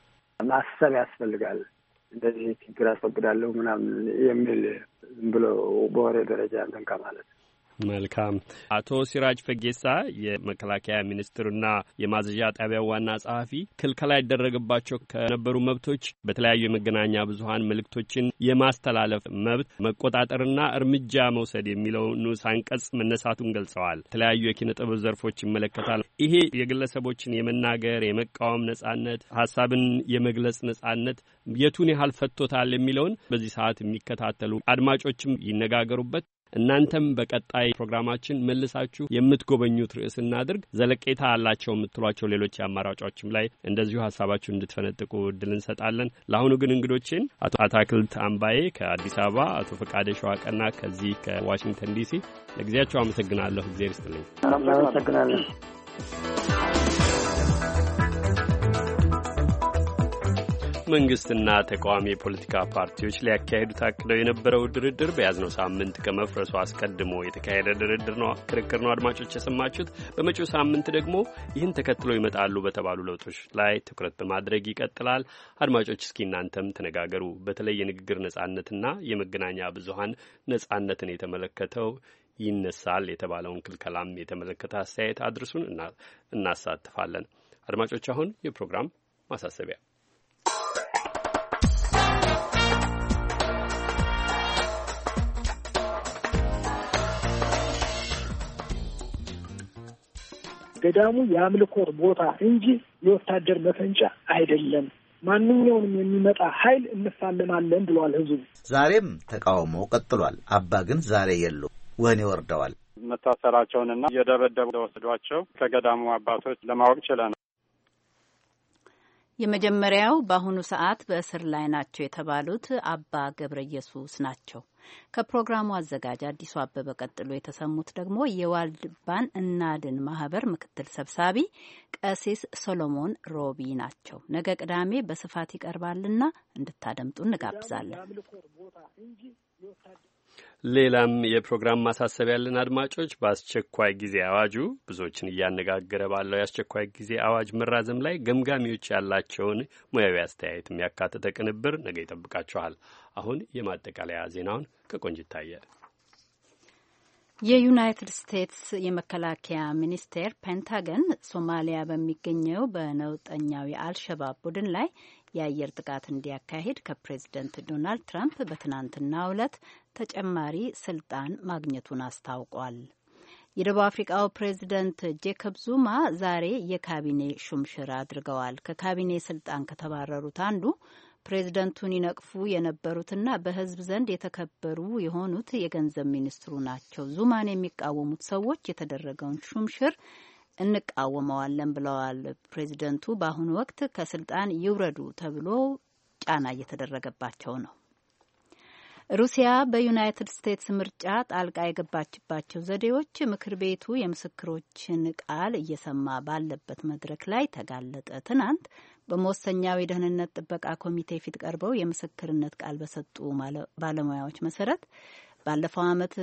ማሰብ ያስፈልጋል። እንደዚህ ችግር አስወግዳለሁ ምናምን የሚል ዝም ብሎ በወሬ ደረጃ እንትን ከማለት መልካም አቶ ሲራጅ ፈጌሳ የመከላከያ ሚኒስትርና የማዘዣ ጣቢያው ዋና ጸሐፊ ክልከላ ይደረግባቸው ከነበሩ መብቶች በተለያዩ የመገናኛ ብዙሀን መልእክቶችን የማስተላለፍ መብት መቆጣጠርና እርምጃ መውሰድ የሚለው ንዑስ አንቀጽ መነሳቱን ገልጸዋል። የተለያዩ የኪነ ጥበብ ዘርፎች ይመለከታል። ይሄ የግለሰቦችን የመናገር የመቃወም ነጻነት፣ ሀሳብን የመግለጽ ነጻነት የቱን ያህል ፈቶታል የሚለውን በዚህ ሰዓት የሚከታተሉ አድማጮችም ይነጋገሩበት እናንተም በቀጣይ ፕሮግራማችን መልሳችሁ የምትጎበኙት ርዕስ እናድርግ። ዘለቄታ አላቸው የምትሏቸው ሌሎች አማራጮችም ላይ እንደዚሁ ሀሳባችሁን እንድትፈነጥቁ እድል እንሰጣለን። ለአሁኑ ግን እንግዶችን አቶ አታክልት አምባዬ ከአዲስ አበባ፣ አቶ ፈቃደ ሸዋቀና ከዚህ ከዋሽንግተን ዲሲ ለጊዜያቸው አመሰግናለሁ። እግዜር ይስጥልኝ። አመሰግናለሁ። መንግስትና ተቃዋሚ የፖለቲካ ፓርቲዎች ሊያካሄዱ ታቅደው የነበረው ድርድር በያዝነው ሳምንት ከመፍረሱ አስቀድሞ የተካሄደ ድርድር ነው፣ ክርክር ነው አድማጮች የሰማችሁት። በመጪው ሳምንት ደግሞ ይህን ተከትሎ ይመጣሉ በተባሉ ለውጦች ላይ ትኩረት በማድረግ ይቀጥላል። አድማጮች እስኪ እናንተም ተነጋገሩ። በተለይ የንግግር ነጻነትና የመገናኛ ብዙሀን ነጻነትን የተመለከተው ይነሳል የተባለውን ክልከላም የተመለከተ አስተያየት አድርሱን፣ እናሳትፋለን። አድማጮች አሁን የፕሮግራም ማሳሰቢያ ገዳሙ የአምልኮት ቦታ እንጂ የወታደር መፈንጫ አይደለም። ማንኛውንም የሚመጣ ኃይል እንፋለማለን ብለዋል ህዝቡ። ዛሬም ተቃውሞ ቀጥሏል። አባ ግን ዛሬ የሉ ወህኒ ወርደዋል። መታሰራቸውንና እየደበደቡ ወስዷቸው ከገዳሙ አባቶች ለማወቅ ችለናል። የመጀመሪያው በአሁኑ ሰዓት በእስር ላይ ናቸው የተባሉት አባ ገብረ ኢየሱስ ናቸው። ከፕሮግራሙ አዘጋጅ አዲሱ አበበ ቀጥሎ የተሰሙት ደግሞ የዋልድባን እናድን ማህበር ምክትል ሰብሳቢ ቀሲስ ሶሎሞን ሮቢ ናቸው። ነገ ቅዳሜ በስፋት ይቀርባልና እንድታደምጡ እንጋብዛለን። ሌላም የፕሮግራም ማሳሰቢያ ያለን አድማጮች፣ በአስቸኳይ ጊዜ አዋጁ ብዙዎችን እያነጋገረ ባለው የአስቸኳይ ጊዜ አዋጅ መራዘም ላይ ገምጋሚዎች ያላቸውን ሙያዊ አስተያየት የሚያካትተ ቅንብር ነገ ይጠብቃችኋል። አሁን የማጠቃለያ ዜናውን ከቆንጅት ታየ የዩናይትድ ስቴትስ የመከላከያ ሚኒስቴር ፔንታገን ሶማሊያ በሚገኘው በነውጠኛው የአልሸባብ ቡድን ላይ የአየር ጥቃት እንዲያካሂድ ከፕሬዝደንት ዶናልድ ትራምፕ በትናንትናው ዕለት ተጨማሪ ስልጣን ማግኘቱን አስታውቋል። የደቡብ አፍሪቃው ፕሬዝደንት ጄኮብ ዙማ ዛሬ የካቢኔ ሹምሽር አድርገዋል። ከካቢኔ ስልጣን ከተባረሩት አንዱ ፕሬዝደንቱን ይነቅፉ የነበሩትና በህዝብ ዘንድ የተከበሩ የሆኑት የገንዘብ ሚኒስትሩ ናቸው። ዙማን የሚቃወሙት ሰዎች የተደረገውን ሹምሽር እንቃወመዋለን ብለዋል። ፕሬዝደንቱ በአሁኑ ወቅት ከስልጣን ይውረዱ ተብሎ ጫና እየተደረገባቸው ነው። ሩሲያ በዩናይትድ ስቴትስ ምርጫ ጣልቃ የገባችባቸው ዘዴዎች ምክር ቤቱ የምስክሮችን ቃል እየሰማ ባለበት መድረክ ላይ ተጋለጠ። ትናንት በመወሰኛው የደህንነት ጥበቃ ኮሚቴ ፊት ቀርበው የምስክርነት ቃል በሰጡ ባለሙያዎች መሰረት ባለፈው ዓመት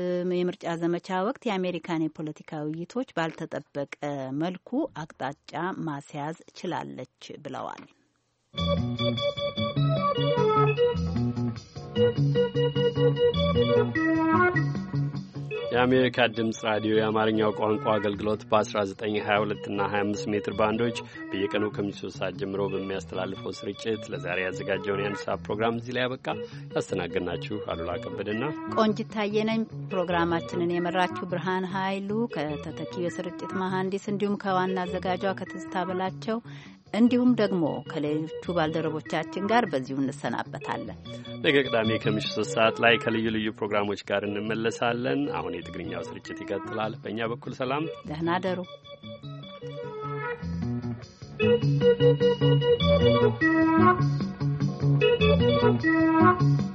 የምርጫ ዘመቻ ወቅት የአሜሪካን የፖለቲካ ውይይቶች ባልተጠበቀ መልኩ አቅጣጫ ማስያዝ ችላለች ብለዋል። የአሜሪካ ድምፅ ራዲዮ የአማርኛው ቋንቋ አገልግሎት በ1922 እና 25 ሜትር ባንዶች በየቀኑ ከምሽቱ ሰዓት ጀምሮ በሚያስተላልፈው ስርጭት ለዛሬ ያዘጋጀውን የአንድ ሰዓት ፕሮግራም እዚህ ላይ ያበቃ። ያስተናገድናችሁ አሉላ ከበደና ቆንጅት ታየ ነኝ። ፕሮግራማችንን የመራችሁ ብርሃን ኃይሉ ከተተኪ የስርጭት መሐንዲስ እንዲሁም ከዋና አዘጋጇ ከትዝታ በላቸው እንዲሁም ደግሞ ከሌሎቹ ባልደረቦቻችን ጋር በዚሁ እንሰናበታለን። ነገ ቅዳሜ ከምሽት ሶስት ሰዓት ላይ ከልዩ ልዩ ፕሮግራሞች ጋር እንመለሳለን። አሁን የትግርኛው ስርጭት ይቀጥላል። በእኛ በኩል ሰላም፣ ደህና ደሩ። Thank you.